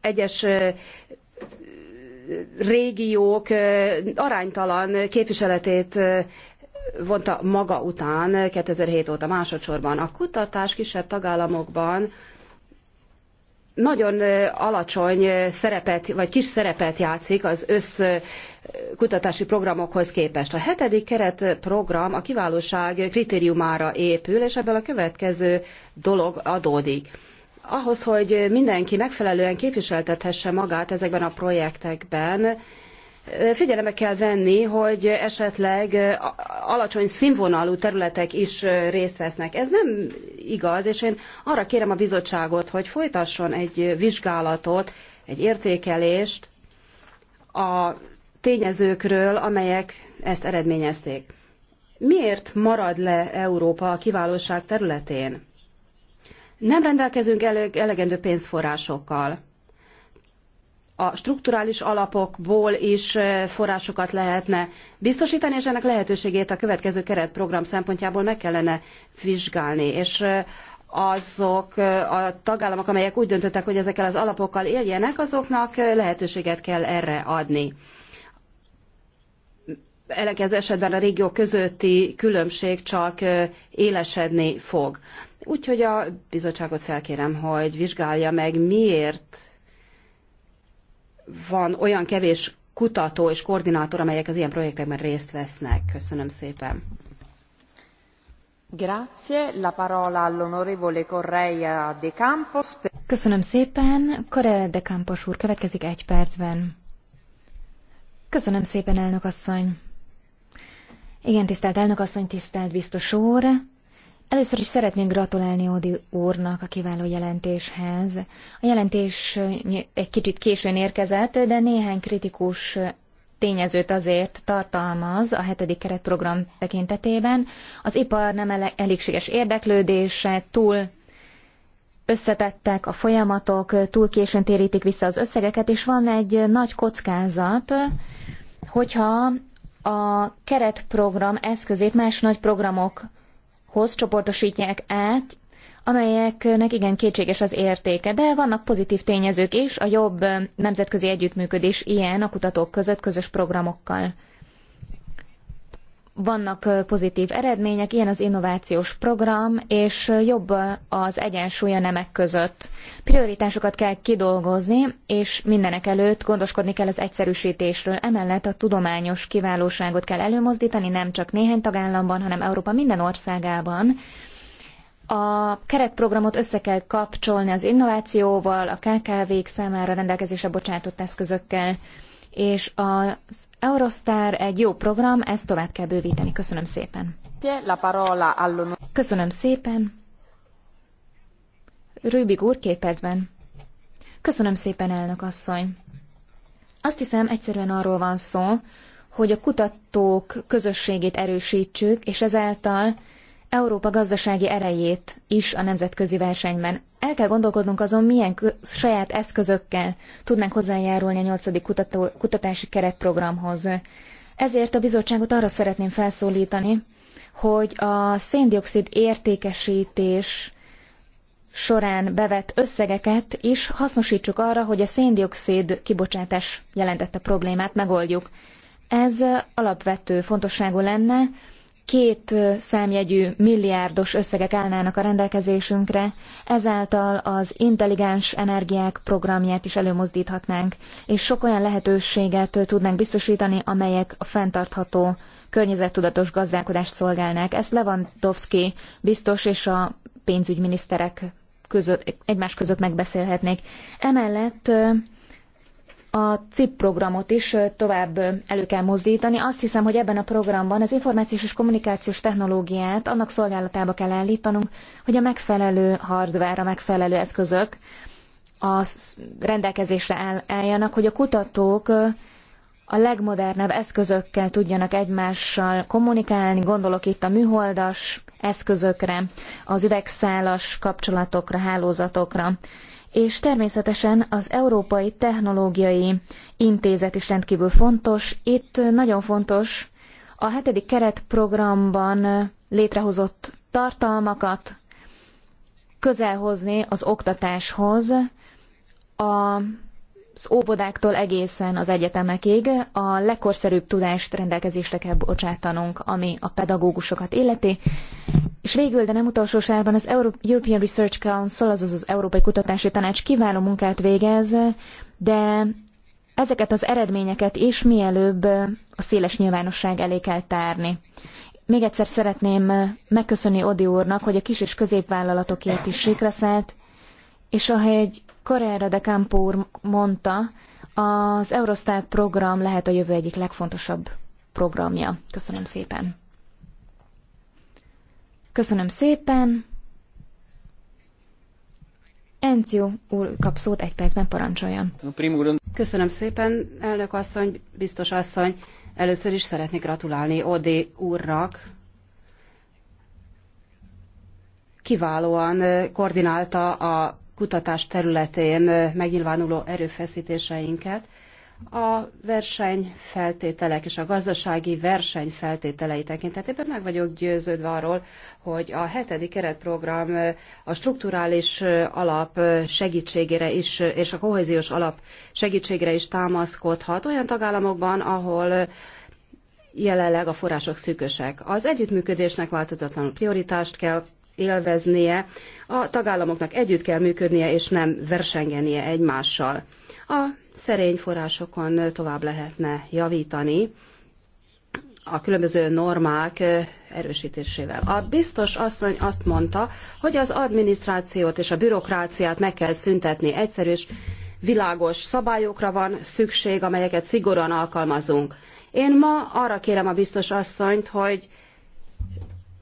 egyes eh, régiók aránytalan képviseletét vonta maga után 2007 óta másodszorban. A kutatás kisebb tagállamokban nagyon alacsony szerepet, vagy kis szerepet játszik az össz kutatási programokhoz képest. A hetedik keretprogram a kiválóság kritériumára épül, és ebből a következő dolog adódik. Ahhoz, hogy mindenki megfelelően képviseltethesse magát ezekben a projektekben, Figyelembe kell venni, hogy esetleg alacsony színvonalú területek is részt vesznek. Ez nem igaz, és én arra kérem a bizottságot, hogy folytasson egy vizsgálatot, egy értékelést a tényezőkről, amelyek ezt eredményezték. Miért marad le Európa a kiválóság területén? Nem rendelkezünk elég, elegendő pénzforrásokkal a strukturális alapokból is forrásokat lehetne biztosítani, és ennek lehetőségét a következő keretprogram szempontjából meg kellene vizsgálni. És azok a tagállamok, amelyek úgy döntöttek, hogy ezekkel az alapokkal éljenek, azoknak lehetőséget kell erre adni. Ellenkező esetben a régió közötti különbség csak élesedni fog. Úgyhogy a bizottságot felkérem, hogy vizsgálja meg, miért van olyan kevés kutató és koordinátor, amelyek az ilyen projektekben részt vesznek. Köszönöm szépen. Grazie. La parola all'onorevole Correia de Campos. Köszönöm szépen. Correia de Campos úr következik egy percben. Köszönöm szépen, elnök asszony. Igen, tisztelt elnök asszony, tisztelt biztos úr. Először is szeretnék gratulálni odi úrnak a kiváló jelentéshez. A jelentés egy kicsit későn érkezett, de néhány kritikus tényezőt azért tartalmaz a hetedik keretprogram tekintetében. Az ipar nem elégséges érdeklődése, túl összetettek a folyamatok, túl későn térítik vissza az összegeket, és van egy nagy kockázat, hogyha a keretprogram eszközét más nagy programok hoz csoportosítják át, amelyeknek igen kétséges az értéke, de vannak pozitív tényezők is, a jobb nemzetközi együttműködés ilyen a kutatók között közös programokkal vannak pozitív eredmények, ilyen az innovációs program, és jobb az egyensúly a nemek között. Prioritásokat kell kidolgozni, és mindenek előtt gondoskodni kell az egyszerűsítésről. Emellett a tudományos kiválóságot kell előmozdítani, nem csak néhány tagállamban, hanem Európa minden országában. A keretprogramot össze kell kapcsolni az innovációval, a KKV-k számára rendelkezésre bocsátott eszközökkel és az Eurostar egy jó program, ezt tovább kell bővíteni. Köszönöm szépen. Köszönöm szépen. Rübig úr, két percben. Köszönöm szépen, elnök asszony. Azt hiszem, egyszerűen arról van szó, hogy a kutatók közösségét erősítsük, és ezáltal Európa gazdasági erejét is a nemzetközi versenyben. El kell gondolkodnunk azon, milyen saját eszközökkel tudnánk hozzájárulni a nyolcadik kutatási keretprogramhoz. Ezért a bizottságot arra szeretném felszólítani, hogy a széndiokszid értékesítés során bevett összegeket is hasznosítsuk arra, hogy a széndiokszid kibocsátás jelentette problémát megoldjuk. Ez alapvető fontosságú lenne, két számjegyű milliárdos összegek állnának a rendelkezésünkre, ezáltal az intelligens energiák programját is előmozdíthatnánk, és sok olyan lehetőséget tudnánk biztosítani, amelyek a fenntartható környezettudatos gazdálkodást szolgálnák. Ezt Lewandowski biztos és a pénzügyminiszterek között, egymás között megbeszélhetnék. Emellett a CIP programot is tovább elő kell mozdítani. Azt hiszem, hogy ebben a programban az információs és kommunikációs technológiát annak szolgálatába kell állítanunk, hogy a megfelelő hardware, a megfelelő eszközök a rendelkezésre álljanak, hogy a kutatók a legmodernebb eszközökkel tudjanak egymással kommunikálni, gondolok itt a műholdas eszközökre, az üvegszálas kapcsolatokra, hálózatokra és természetesen az Európai Technológiai Intézet is rendkívül fontos. Itt nagyon fontos a hetedik keretprogramban létrehozott tartalmakat közelhozni az oktatáshoz, az óvodáktól egészen az egyetemekig a legkorszerűbb tudást rendelkezésre kell bocsátanunk, ami a pedagógusokat illeti. És végül, de nem utolsó sorban az European Research Council, azaz az Európai Kutatási Tanács kiváló munkát végez, de ezeket az eredményeket is mielőbb a széles nyilvánosság elé kell tárni. Még egyszer szeretném megköszönni Odi úrnak, hogy a kis és középvállalatokért is sikra szállt, és ahogy Correa de Campo úr mondta, az Eurostat program lehet a jövő egyik legfontosabb programja. Köszönöm szépen! Köszönöm szépen. Enció úr kap szót egy percben parancsoljon. Köszönöm szépen, elnök asszony, biztos asszony. Először is szeretnék gratulálni Odé úrnak. Kiválóan koordinálta a kutatás területén megnyilvánuló erőfeszítéseinket a versenyfeltételek és a gazdasági versenyfeltételei tekintetében meg vagyok győződve arról, hogy a hetedik keretprogram a strukturális alap segítségére is, és a kohéziós alap segítségére is támaszkodhat olyan tagállamokban, ahol jelenleg a források szűkösek. Az együttműködésnek változatlanul prioritást kell élveznie, a tagállamoknak együtt kell működnie, és nem versengenie egymással. A szerény forrásokon tovább lehetne javítani a különböző normák erősítésével. A biztos asszony azt mondta, hogy az adminisztrációt és a bürokráciát meg kell szüntetni. Egyszerű és világos szabályokra van szükség, amelyeket szigorúan alkalmazunk. Én ma arra kérem a biztos asszonyt, hogy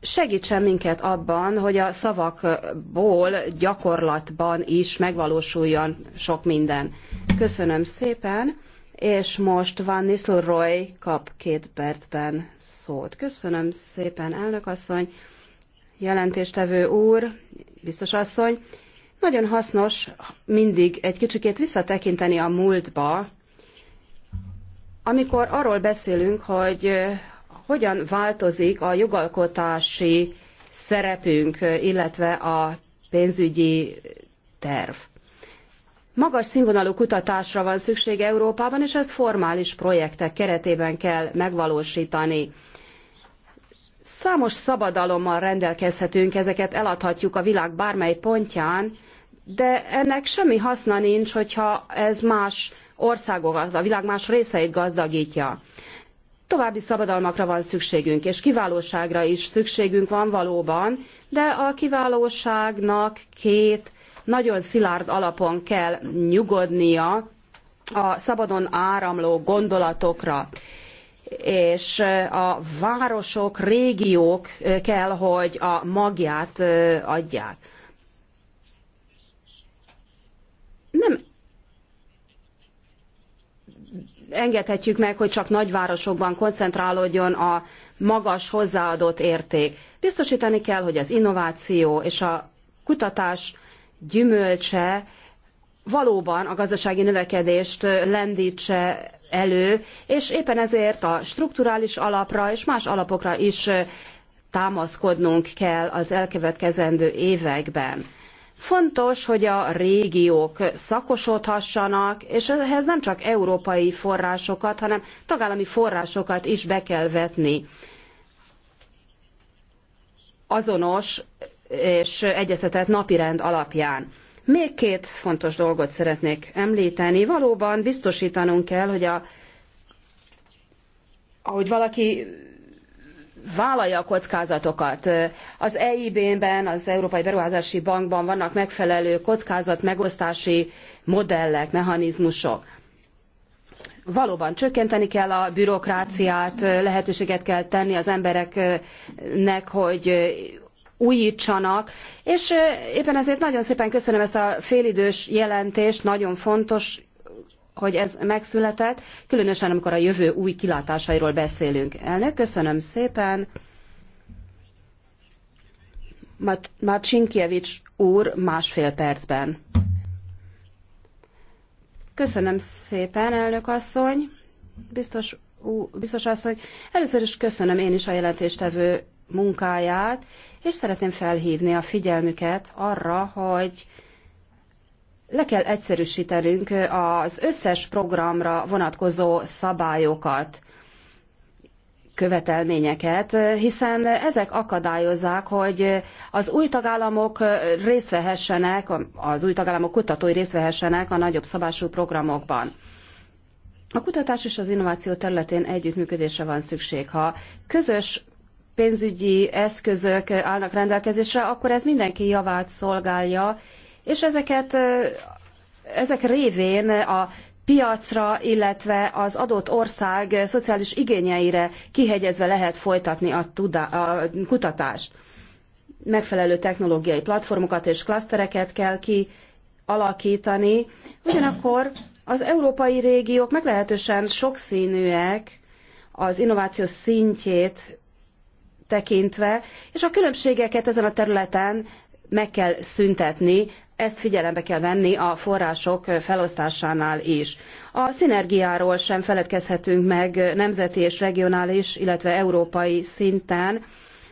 segítsen minket abban, hogy a szavakból gyakorlatban is megvalósuljon sok minden. Köszönöm szépen, és most Van Nistelrooy kap két percben szót. Köszönöm szépen, elnök asszony, jelentéstevő úr, biztos asszony. Nagyon hasznos mindig egy kicsikét visszatekinteni a múltba, amikor arról beszélünk, hogy hogyan változik a jogalkotási szerepünk, illetve a pénzügyi terv. Magas színvonalú kutatásra van szükség Európában, és ezt formális projektek keretében kell megvalósítani. Számos szabadalommal rendelkezhetünk, ezeket eladhatjuk a világ bármely pontján, de ennek semmi haszna nincs, hogyha ez más országokat, a világ más részeit gazdagítja. További szabadalmakra van szükségünk, és kiválóságra is szükségünk van valóban, de a kiválóságnak két nagyon szilárd alapon kell nyugodnia a szabadon áramló gondolatokra és a városok, régiók kell, hogy a magját adják. Nem engedhetjük meg, hogy csak nagyvárosokban koncentrálódjon a magas hozzáadott érték. Biztosítani kell, hogy az innováció és a kutatás gyümölcse valóban a gazdasági növekedést lendítse elő, és éppen ezért a strukturális alapra és más alapokra is támaszkodnunk kell az elkövetkezendő években. Fontos, hogy a régiók szakosodhassanak, és ehhez nem csak európai forrásokat, hanem tagállami forrásokat is be kell vetni. Azonos és egyeztetett napirend alapján. Még két fontos dolgot szeretnék említeni. Valóban biztosítanunk kell, hogy a, ahogy valaki vállalja a kockázatokat. Az EIB-ben, az Európai Beruházási Bankban vannak megfelelő kockázatmegosztási modellek, mechanizmusok. Valóban csökkenteni kell a bürokráciát, lehetőséget kell tenni az embereknek, hogy újítsanak, és éppen ezért nagyon szépen köszönöm ezt a félidős jelentést, nagyon fontos hogy ez megszületett, különösen amikor a jövő új kilátásairól beszélünk. Elnök, köszönöm szépen. Marcinkievics úr másfél percben. Köszönöm szépen, elnök asszony. Biztos, ú, biztos asszony, először is köszönöm én is a jelentéstevő munkáját, és szeretném felhívni a figyelmüket arra, hogy le kell egyszerűsítenünk az összes programra vonatkozó szabályokat, követelményeket, hiszen ezek akadályozzák, hogy az új tagállamok részt vehessenek, az új tagállamok kutatói részt vehessenek a nagyobb szabású programokban. A kutatás és az innováció területén együttműködésre van szükség. Ha közös pénzügyi eszközök állnak rendelkezésre, akkor ez mindenki javát szolgálja, és ezeket ezek révén a piacra, illetve az adott ország szociális igényeire kihegyezve lehet folytatni a, tudá- a kutatást. Megfelelő technológiai platformokat és klasztereket kell kialakítani. Ugyanakkor az európai régiók meglehetősen sokszínűek az innováció szintjét tekintve, és a különbségeket ezen a területen meg kell szüntetni ezt figyelembe kell venni a források felosztásánál is. A szinergiáról sem feledkezhetünk meg nemzeti és regionális, illetve európai szinten.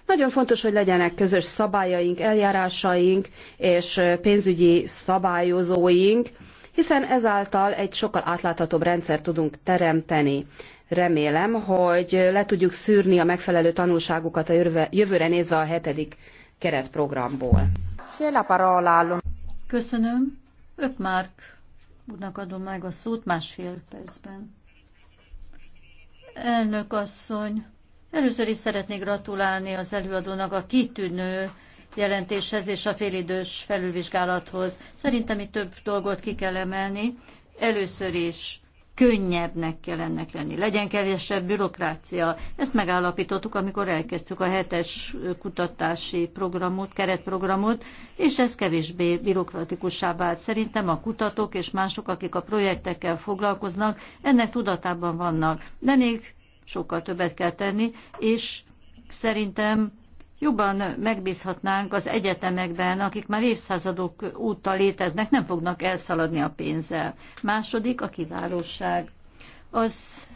Nagyon fontos, hogy legyenek közös szabályaink, eljárásaink és pénzügyi szabályozóink, hiszen ezáltal egy sokkal átláthatóbb rendszert tudunk teremteni. Remélem, hogy le tudjuk szűrni a megfelelő tanulságokat a jövőre nézve a hetedik keretprogramból. Köszönöm. Öt Márk úrnak adom meg a szót másfél percben. Elnök asszony, először is szeretnék gratulálni az előadónak a kitűnő jelentéshez és a félidős felülvizsgálathoz. Szerintem itt több dolgot ki kell emelni. Először is könnyebbnek kell ennek lenni. Legyen kevesebb bürokrácia. Ezt megállapítottuk, amikor elkezdtük a hetes kutatási programot, keretprogramot, és ez kevésbé bürokratikussá vált. Szerintem a kutatók és mások, akik a projektekkel foglalkoznak, ennek tudatában vannak. De még sokkal többet kell tenni, és szerintem jobban megbízhatnánk az egyetemekben, akik már évszázadok óta léteznek, nem fognak elszaladni a pénzzel. Második a kiválóság. Az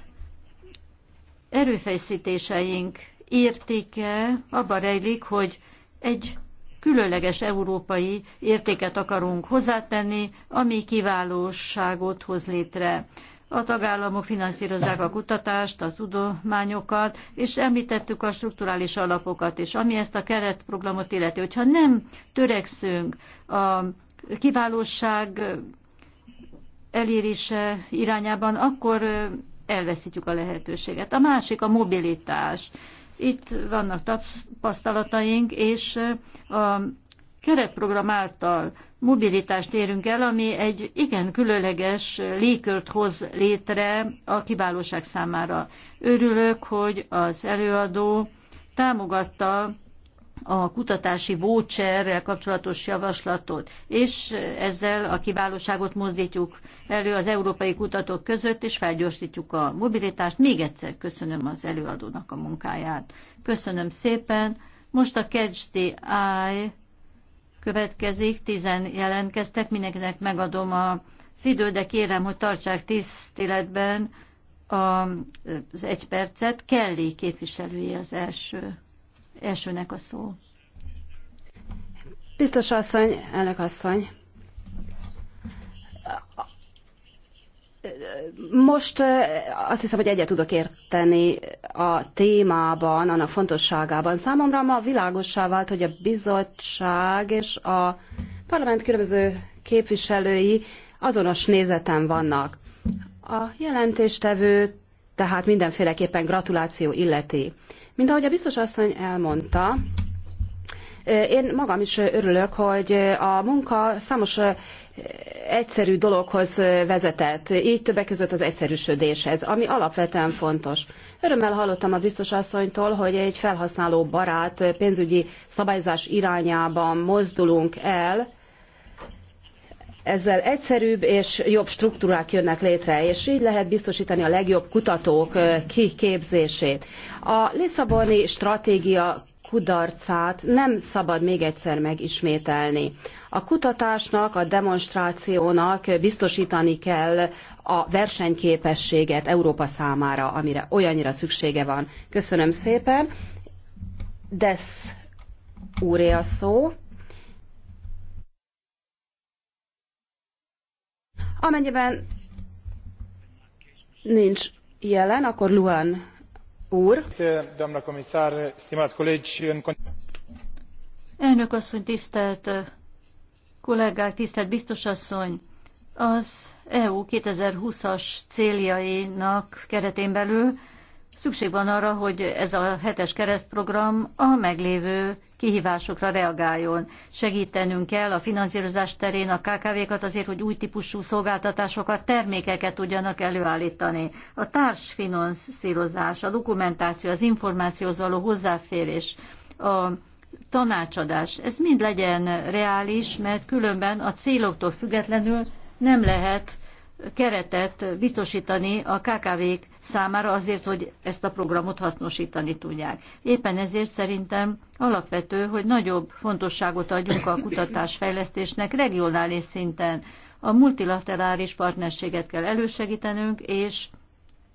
erőfeszítéseink értéke abban rejlik, hogy egy különleges európai értéket akarunk hozzátenni, ami kiválóságot hoz létre. A tagállamok finanszírozzák a kutatást, a tudományokat, és említettük a strukturális alapokat is, ami ezt a keretprogramot illeti. Hogyha nem törekszünk a kiválóság elérése irányában, akkor elveszítjük a lehetőséget. A másik a mobilitás. Itt vannak tapasztalataink, és a keretprogram által mobilitást érünk el, ami egy igen különleges légkört hoz létre a kiválóság számára. Örülök, hogy az előadó támogatta a kutatási voucherrel kapcsolatos javaslatot, és ezzel a kiválóságot mozdítjuk elő az európai kutatók között, és felgyorsítjuk a mobilitást. Még egyszer köszönöm az előadónak a munkáját. Köszönöm szépen. Most a Catch the következik, tizen jelentkeztek, mindenkinek megadom az idő, de kérem, hogy tartsák tiszteletben az egy percet. Kelly képviselője az első, elsőnek a szó. Biztos asszony, elnök asszony. Most azt hiszem, hogy egyet tudok érteni a témában, annak fontosságában. Számomra ma világossá vált, hogy a bizottság és a parlament különböző képviselői azonos nézeten vannak. A jelentéstevő tehát mindenféleképpen gratuláció illeti. Mint ahogy a biztos asszony elmondta, én magam is örülök, hogy a munka számos egyszerű dologhoz vezetett, így többek között az egyszerűsödéshez, ami alapvetően fontos. Örömmel hallottam a biztos asszonytól, hogy egy felhasználó barát pénzügyi szabályzás irányában mozdulunk el, ezzel egyszerűbb és jobb struktúrák jönnek létre, és így lehet biztosítani a legjobb kutatók kiképzését. A Lisszaboni stratégia kudarcát nem szabad még egyszer megismételni. A kutatásnak, a demonstrációnak biztosítani kell a versenyképességet Európa számára, amire olyannyira szüksége van. Köszönöm szépen. Desz úré a szó. Amennyiben nincs jelen, akkor Luan comisar, stimați colegi, în Elnök asszony, tisztelt eh, kollégák, tisztelt biztos asszony! Az EU 2020-as céljainak keretén belül Szükség van arra, hogy ez a hetes keretprogram a meglévő kihívásokra reagáljon. Segítenünk kell a finanszírozás terén a KKV-kat azért, hogy új típusú szolgáltatásokat, termékeket tudjanak előállítani. A társfinanszírozás, a dokumentáció, az információhoz való hozzáférés, a tanácsadás, ez mind legyen reális, mert különben a céloktól függetlenül nem lehet keretet biztosítani a KKV-k számára azért, hogy ezt a programot hasznosítani tudják. Éppen ezért szerintem alapvető, hogy nagyobb fontosságot adjunk a kutatásfejlesztésnek regionális szinten. A multilaterális partnerséget kell elősegítenünk, és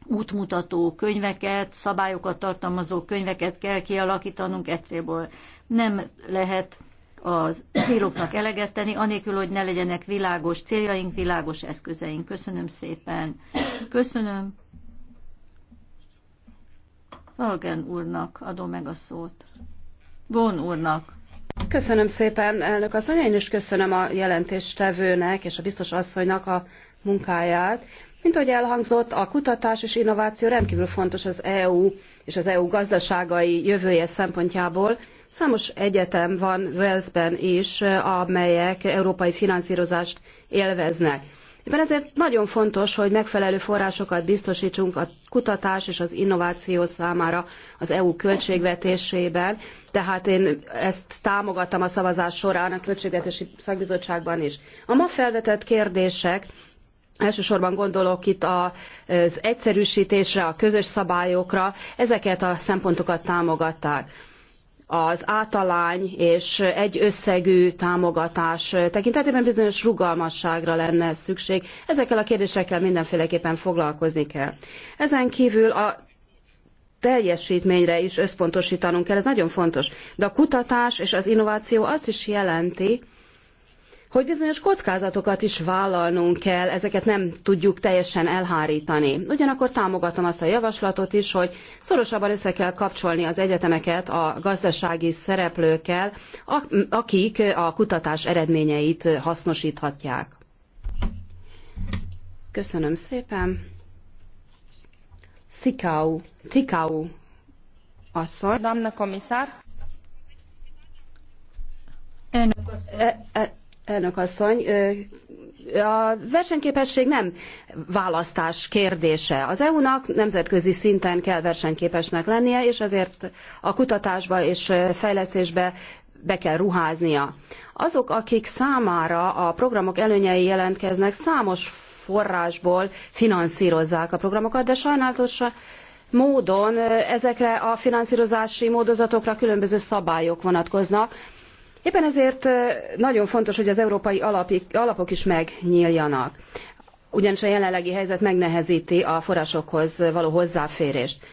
útmutató könyveket, szabályokat tartalmazó könyveket kell kialakítanunk egy célból. Nem lehet a céloknak eleget tenni, anélkül, hogy ne legyenek világos céljaink, világos eszközeink. Köszönöm szépen. Köszönöm. Valgen úrnak adom meg a szót. Von úrnak. Köszönöm szépen, elnök asszony. Én is köszönöm a jelentéstevőnek és a biztos asszonynak a munkáját. Mint ahogy elhangzott, a kutatás és innováció rendkívül fontos az EU és az EU gazdaságai jövője szempontjából, Számos egyetem van Walesben is, amelyek európai finanszírozást élveznek. Éppen ezért nagyon fontos, hogy megfelelő forrásokat biztosítsunk a kutatás és az innováció számára az EU költségvetésében, tehát én ezt támogattam a szavazás során a Költségvetési Szakbizottságban is. A ma felvetett kérdések Elsősorban gondolok itt az egyszerűsítésre, a közös szabályokra, ezeket a szempontokat támogatták az átalány és egy összegű támogatás tekintetében bizonyos rugalmasságra lenne szükség. Ezekkel a kérdésekkel mindenféleképpen foglalkozni kell. Ezen kívül a teljesítményre is összpontosítanunk kell, ez nagyon fontos. De a kutatás és az innováció azt is jelenti, hogy bizonyos kockázatokat is vállalnunk kell, ezeket nem tudjuk teljesen elhárítani. Ugyanakkor támogatom azt a javaslatot is, hogy szorosabban össze kell kapcsolni az egyetemeket a gazdasági szereplőkkel, akik a kutatás eredményeit hasznosíthatják. Köszönöm szépen. Szikau, Tikau asszony. Doamnă comisar. Elnök asszony. E, e, Elnök asszony, a versenyképesség nem választás kérdése. Az EU-nak nemzetközi szinten kell versenyképesnek lennie, és ezért a kutatásba és fejlesztésbe be kell ruháznia. Azok, akik számára a programok előnyei jelentkeznek, számos forrásból finanszírozzák a programokat, de sajnálatos módon ezekre a finanszírozási módozatokra különböző szabályok vonatkoznak Éppen ezért nagyon fontos, hogy az európai alapok is megnyíljanak, ugyanis a jelenlegi helyzet megnehezíti a forrásokhoz való hozzáférést.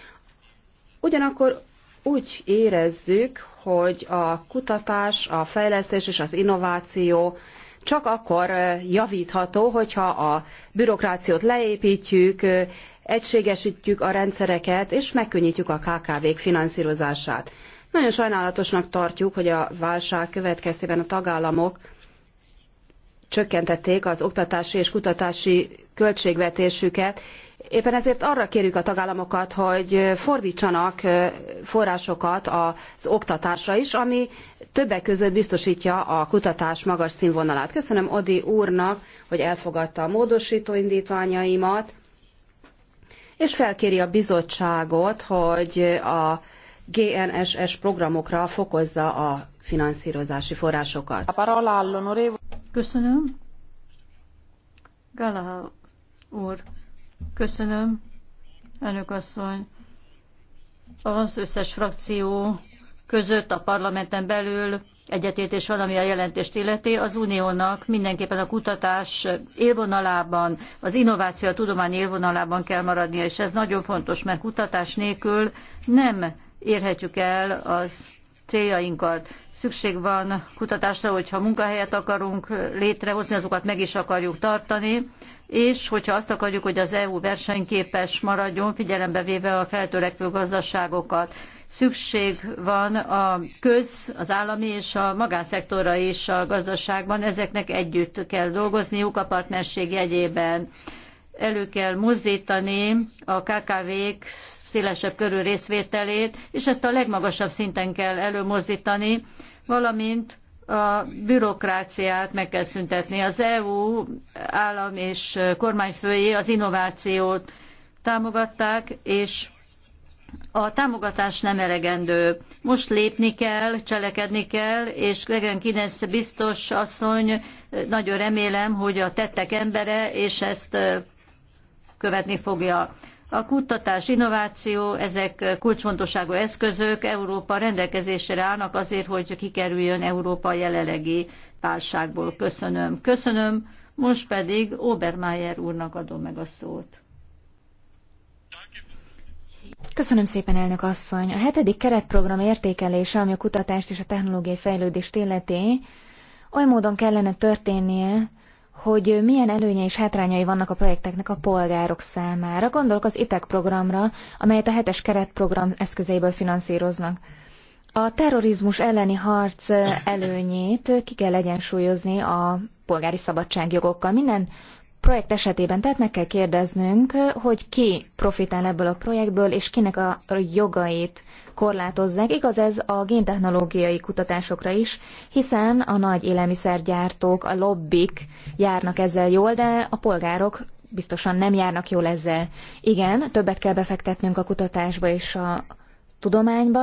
Ugyanakkor úgy érezzük, hogy a kutatás, a fejlesztés és az innováció csak akkor javítható, hogyha a bürokrációt leépítjük, egységesítjük a rendszereket, és megkönnyítjük a KKV-k finanszírozását. Nagyon sajnálatosnak tartjuk, hogy a válság következtében a tagállamok csökkentették az oktatási és kutatási költségvetésüket. Éppen ezért arra kérjük a tagállamokat, hogy fordítsanak forrásokat az oktatásra is, ami többek között biztosítja a kutatás magas színvonalát. Köszönöm Odi úrnak, hogy elfogadta a módosító indítványaimat, és felkéri a bizottságot, hogy a GNSS programokra fokozza a finanszírozási forrásokat. Köszönöm. Gala úr, köszönöm. Önök asszony, az összes frakció között a parlamenten belül egyetértés van, ami a jelentést illeti. Az uniónak mindenképpen a kutatás élvonalában, az innováció, a tudomány élvonalában kell maradnia, és ez nagyon fontos, mert kutatás nélkül nem érhetjük el az céljainkat. Szükség van kutatásra, hogyha munkahelyet akarunk létrehozni, azokat meg is akarjuk tartani, és hogyha azt akarjuk, hogy az EU versenyképes maradjon, figyelembe véve a feltörekvő gazdaságokat, szükség van a köz, az állami és a magánszektorra is a gazdaságban, ezeknek együtt kell dolgozniuk a partnerség jegyében. Elő kell mozdítani a KKV-k szélesebb körű részvételét, és ezt a legmagasabb szinten kell előmozdítani, valamint a bürokráciát meg kell szüntetni. Az EU állam és kormányfői az innovációt támogatták, és a támogatás nem elegendő. Most lépni kell, cselekedni kell, és Gregen Kinesz biztos asszony, nagyon remélem, hogy a tettek embere, és ezt követni fogja. A kutatás, innováció, ezek kulcsfontosságú eszközök Európa rendelkezésre állnak azért, hogy kikerüljön Európa jelenlegi válságból. Köszönöm. Köszönöm. Most pedig Obermeier úrnak adom meg a szót. Köszönöm szépen, elnök asszony. A hetedik keretprogram értékelése, ami a kutatást és a technológiai fejlődést illeti, oly módon kellene történnie, hogy milyen előnyei és hátrányai vannak a projekteknek a polgárok számára. Gondolok az ITEC programra, amelyet a hetes keretprogram eszközeiből finanszíroznak. A terrorizmus elleni harc előnyét ki kell egyensúlyozni a polgári szabadságjogokkal. Minden projekt esetében, tehát meg kell kérdeznünk, hogy ki profitál ebből a projektből, és kinek a jogait korlátozzák. Igaz ez a géntechnológiai kutatásokra is, hiszen a nagy élelmiszergyártók, a lobbik járnak ezzel jól, de a polgárok biztosan nem járnak jól ezzel. Igen, többet kell befektetnünk a kutatásba és a tudományba,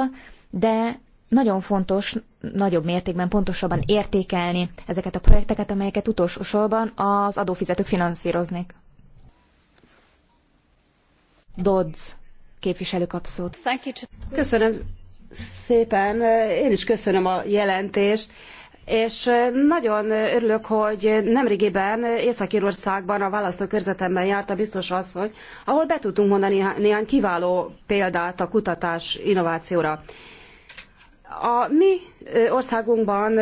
de nagyon fontos nagyobb mértékben pontosabban értékelni ezeket a projekteket, amelyeket utolsó sorban az adófizetők finanszíroznak. Dodds képviselő kap szót. Köszönöm szépen, én is köszönöm a jelentést. És nagyon örülök, hogy nemrégiben Észak-Írországban a választókörzetemben járt a biztos asszony, ahol be tudtunk mondani néhány kiváló példát a kutatás innovációra. A mi országunkban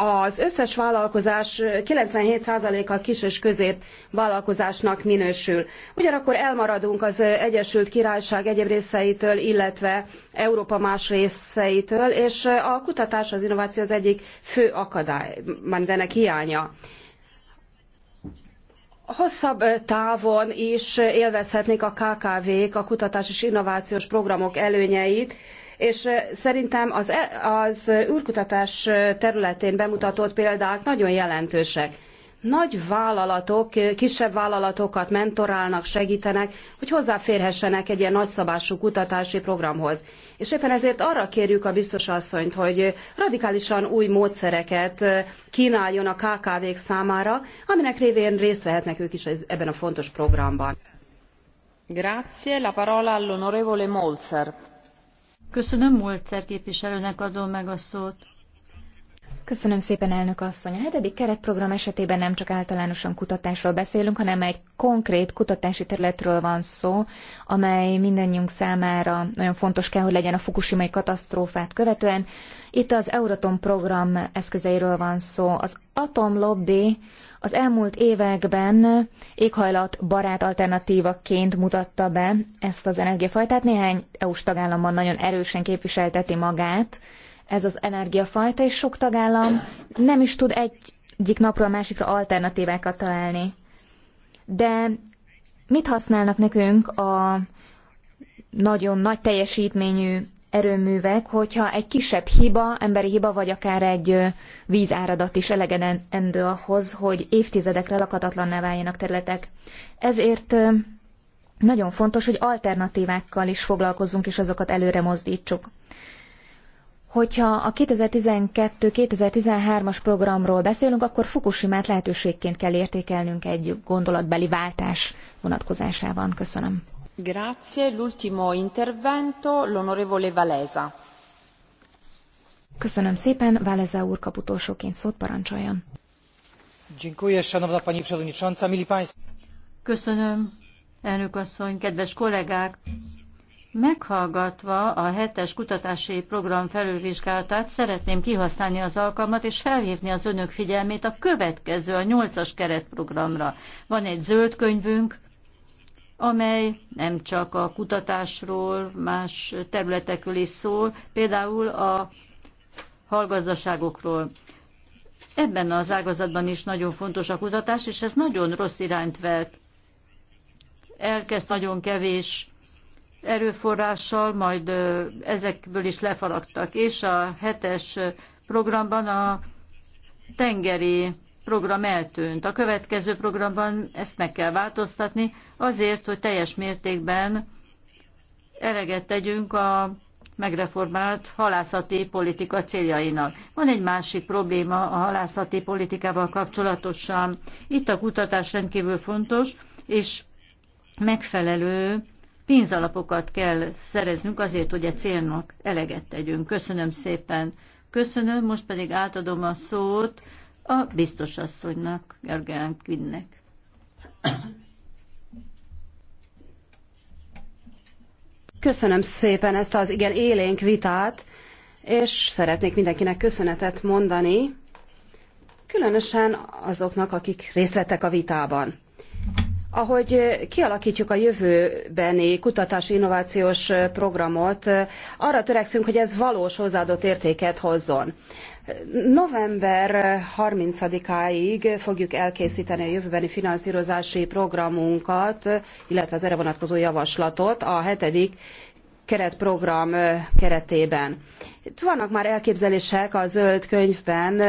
az összes vállalkozás 97%-a kis és közép vállalkozásnak minősül. Ugyanakkor elmaradunk az Egyesült Királyság egyéb részeitől, illetve Európa más részeitől, és a kutatás, az innováció az egyik fő akadály, mármint ennek hiánya hosszabb távon is élvezhetnék a KKV-k a kutatás és innovációs programok előnyeit, és szerintem az, e, az űrkutatás területén bemutatott példák nagyon jelentősek. Nagy vállalatok, kisebb vállalatokat mentorálnak, segítenek, hogy hozzáférhessenek egy ilyen nagyszabású kutatási programhoz. És éppen ezért arra kérjük a biztos asszonyt, hogy radikálisan új módszereket kínáljon a KKV-k számára, aminek révén részt vehetnek ők is ebben a fontos programban. Grazie, la parola all'onorevole Molzer Köszönöm, Molcer képviselőnek adom meg a szót. Köszönöm szépen, elnök asszony. A hetedik keretprogram esetében nem csak általánosan kutatásról beszélünk, hanem egy konkrét kutatási területről van szó, amely mindannyiunk számára nagyon fontos kell, hogy legyen a fukushima katasztrófát követően. Itt az Euratom program eszközeiről van szó. Az lobby az elmúlt években éghajlat barát alternatívaként mutatta be ezt az energiafajtát. Néhány EU-s tagállamban nagyon erősen képviselteti magát, ez az energiafajta, és sok tagállam nem is tud egy, egyik napról a másikra alternatívákat találni. De mit használnak nekünk a nagyon nagy teljesítményű erőművek, hogyha egy kisebb hiba, emberi hiba, vagy akár egy vízáradat is elegendő ahhoz, hogy évtizedekre lakatatlanná váljanak területek. Ezért nagyon fontos, hogy alternatívákkal is foglalkozzunk, és azokat előre mozdítsuk. Hogyha a 2012-2013-as programról beszélünk, akkor Fukushimát lehetőségként kell értékelnünk egy gondolatbeli váltás vonatkozásában. Köszönöm. Grazie. L'ultimo intervento, l'onorevole Valesa. Köszönöm szépen, Valeza úr kap utolsóként szót parancsoljon. Köszönöm, elnök asszony, kedves kollégák! Meghallgatva a hetes kutatási program felülvizsgálatát, szeretném kihasználni az alkalmat és felhívni az önök figyelmét a következő, a nyolcas keretprogramra. Van egy zöld könyvünk, amely nem csak a kutatásról, más területekről is szól, például a hallgazdaságokról. Ebben az ágazatban is nagyon fontos a kutatás, és ez nagyon rossz irányt vett. Elkezd nagyon kevés erőforrással, majd ezekből is lefaragtak. És a hetes programban a tengeri program eltűnt. A következő programban ezt meg kell változtatni azért, hogy teljes mértékben eleget tegyünk a megreformált halászati politika céljainak. Van egy másik probléma a halászati politikával kapcsolatosan. Itt a kutatás rendkívül fontos, és megfelelő pénzalapokat kell szereznünk azért, hogy a célnak eleget tegyünk. Köszönöm szépen. Köszönöm, most pedig átadom a szót a biztos asszonynak, Kvinnek. Köszönöm szépen ezt az igen élénk vitát, és szeretnék mindenkinek köszönetet mondani, különösen azoknak, akik részt vettek a vitában ahogy eh, kialakítjuk a jövőbeni kutatási innovációs eh, programot, eh, arra törekszünk, hogy ez valós hozzáadott értéket hozzon. November 30-áig fogjuk elkészíteni a jövőbeni finanszírozási programunkat, illetve az erre vonatkozó javaslatot a hetedik keretprogram keretében. Itt vannak már elképzelések a zöld könyvben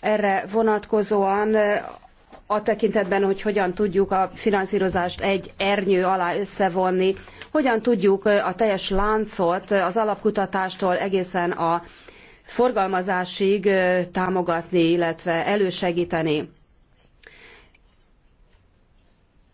erre vonatkozóan a tekintetben, hogy hogyan tudjuk a finanszírozást egy ernyő alá összevonni, hogyan tudjuk a teljes láncot az alapkutatástól egészen a forgalmazásig támogatni, illetve elősegíteni.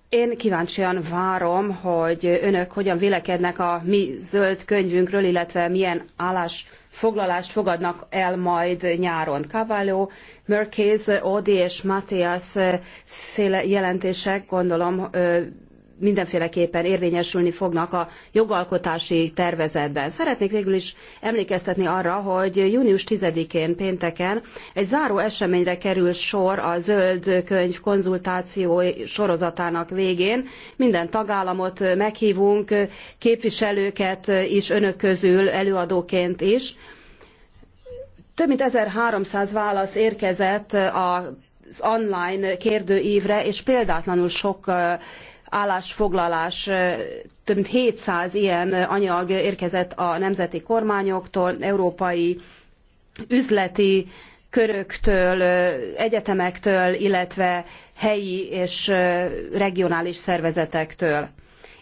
Én kíváncsian várom, hogy önök hogyan vélekednek a mi zöld könyvünkről, illetve milyen állás foglalást fogadnak el majd nyáron. Cavallo, Merkész, Odi és Matthias eh, féle jelentések gondolom mindenféleképpen érvényesülni fognak a jogalkotási tervezetben. Szeretnék végül is emlékeztetni arra, hogy június 10-én pénteken egy záró eseményre kerül sor a zöld könyv konzultáció sorozatának végén. Minden tagállamot meghívunk, képviselőket is önök közül előadóként is. Több mint 1300 válasz érkezett a az online kérdőívre, és példátlanul sok állásfoglalás, több mint 700 ilyen anyag érkezett a nemzeti kormányoktól, európai üzleti köröktől, egyetemektől, illetve helyi és regionális szervezetektől.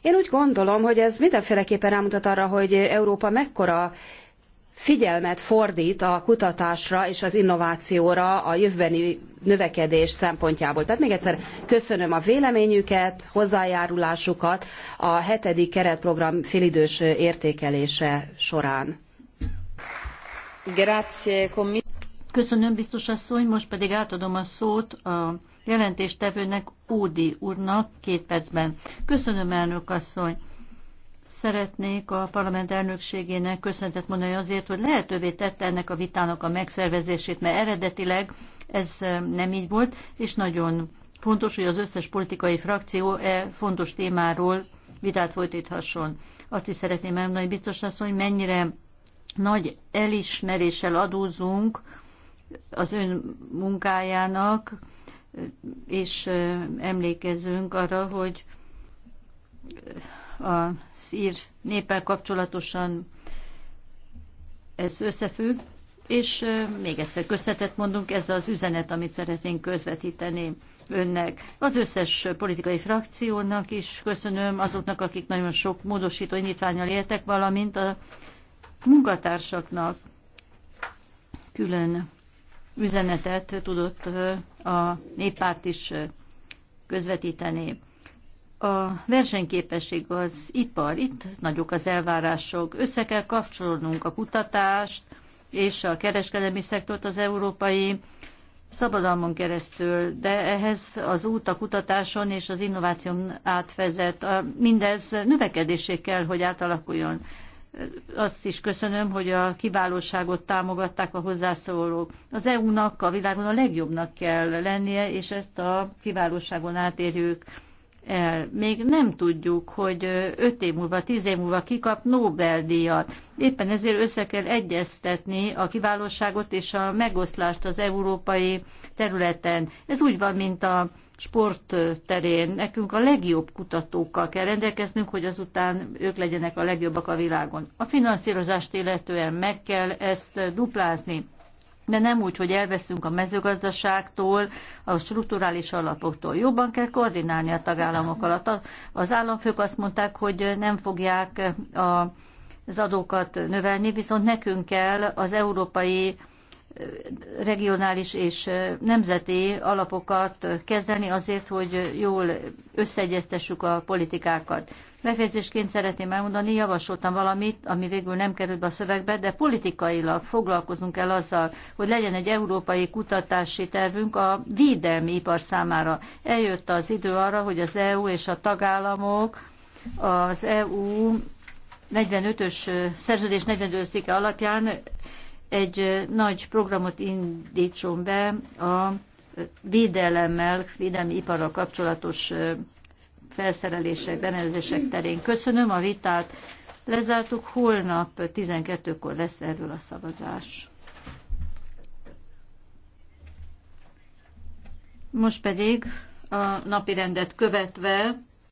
Én úgy gondolom, hogy ez mindenféleképpen rámutat arra, hogy Európa mekkora figyelmet fordít a kutatásra és az innovációra a jövőbeni növekedés szempontjából. Tehát még egyszer köszönöm a véleményüket, hozzájárulásukat a hetedik keretprogram félidős értékelése során. Grazie, Köszönöm, biztos asszony, most pedig átadom a szót a jelentéstevőnek, Ódi úrnak két percben. Köszönöm, elnök asszony. Szeretnék a parlament elnökségének köszöntet mondani azért, hogy lehetővé tette ennek a vitának a megszervezését, mert eredetileg ez eh, nem így volt, és nagyon fontos, hogy az összes politikai frakció e fontos témáról vitát folytathasson. Azt is szeretném elmondani, hogy biztos az, hogy mennyire nagy elismeréssel adózunk az ön munkájának, és eh, emlékezünk arra, hogy a szír népel kapcsolatosan ez összefügg, és még egyszer köszönetet mondunk, ez az üzenet, amit szeretnénk közvetíteni önnek. Az összes politikai frakciónak is köszönöm, azoknak, akik nagyon sok módosító indítványal éltek, valamint a munkatársaknak külön üzenetet tudott a néppárt is közvetíteni a versenyképesség az ipar, itt nagyok az elvárások. Össze kell kapcsolnunk a kutatást és a kereskedelmi szektort az európai szabadalmon keresztül, de ehhez az út a kutatáson és az innováción átvezet. Mindez növekedésé kell, hogy átalakuljon. Azt is köszönöm, hogy a kiválóságot támogatták a hozzászólók. Az EU-nak a világon a legjobbnak kell lennie, és ezt a kiválóságon átérjük el. Még nem tudjuk, hogy öt év múlva, tíz év múlva kikap Nobel-díjat. Éppen ezért össze kell egyeztetni a kiválóságot és a megoszlást az európai területen. Ez úgy van, mint a sport terén. Nekünk a legjobb kutatókkal kell rendelkeznünk, hogy azután ők legyenek a legjobbak a világon. A finanszírozást illetően meg kell ezt duplázni de nem úgy, hogy elveszünk a mezőgazdaságtól, a strukturális alapoktól. Jobban kell koordinálni a tagállamok alatt. Az államfők azt mondták, hogy nem fogják a, az adókat növelni, viszont nekünk kell az európai regionális és nemzeti alapokat kezelni azért, hogy jól összeegyeztessük a politikákat. Befejezésként szeretném elmondani, javasoltam valamit, ami végül nem került be a szövegbe, de politikailag foglalkozunk el azzal, hogy legyen egy európai kutatási tervünk a védelmi ipar számára. Eljött az idő arra, hogy az EU és a tagállamok az EU 45-ös szerződés 45 cikke alapján egy nagy programot indítson be a védelemmel, védelmi iparral kapcsolatos felszerelések, berendezések terén. Köszönöm a vitát. Lezártuk, holnap 12-kor lesz erről a szavazás. Most pedig a napi rendet követve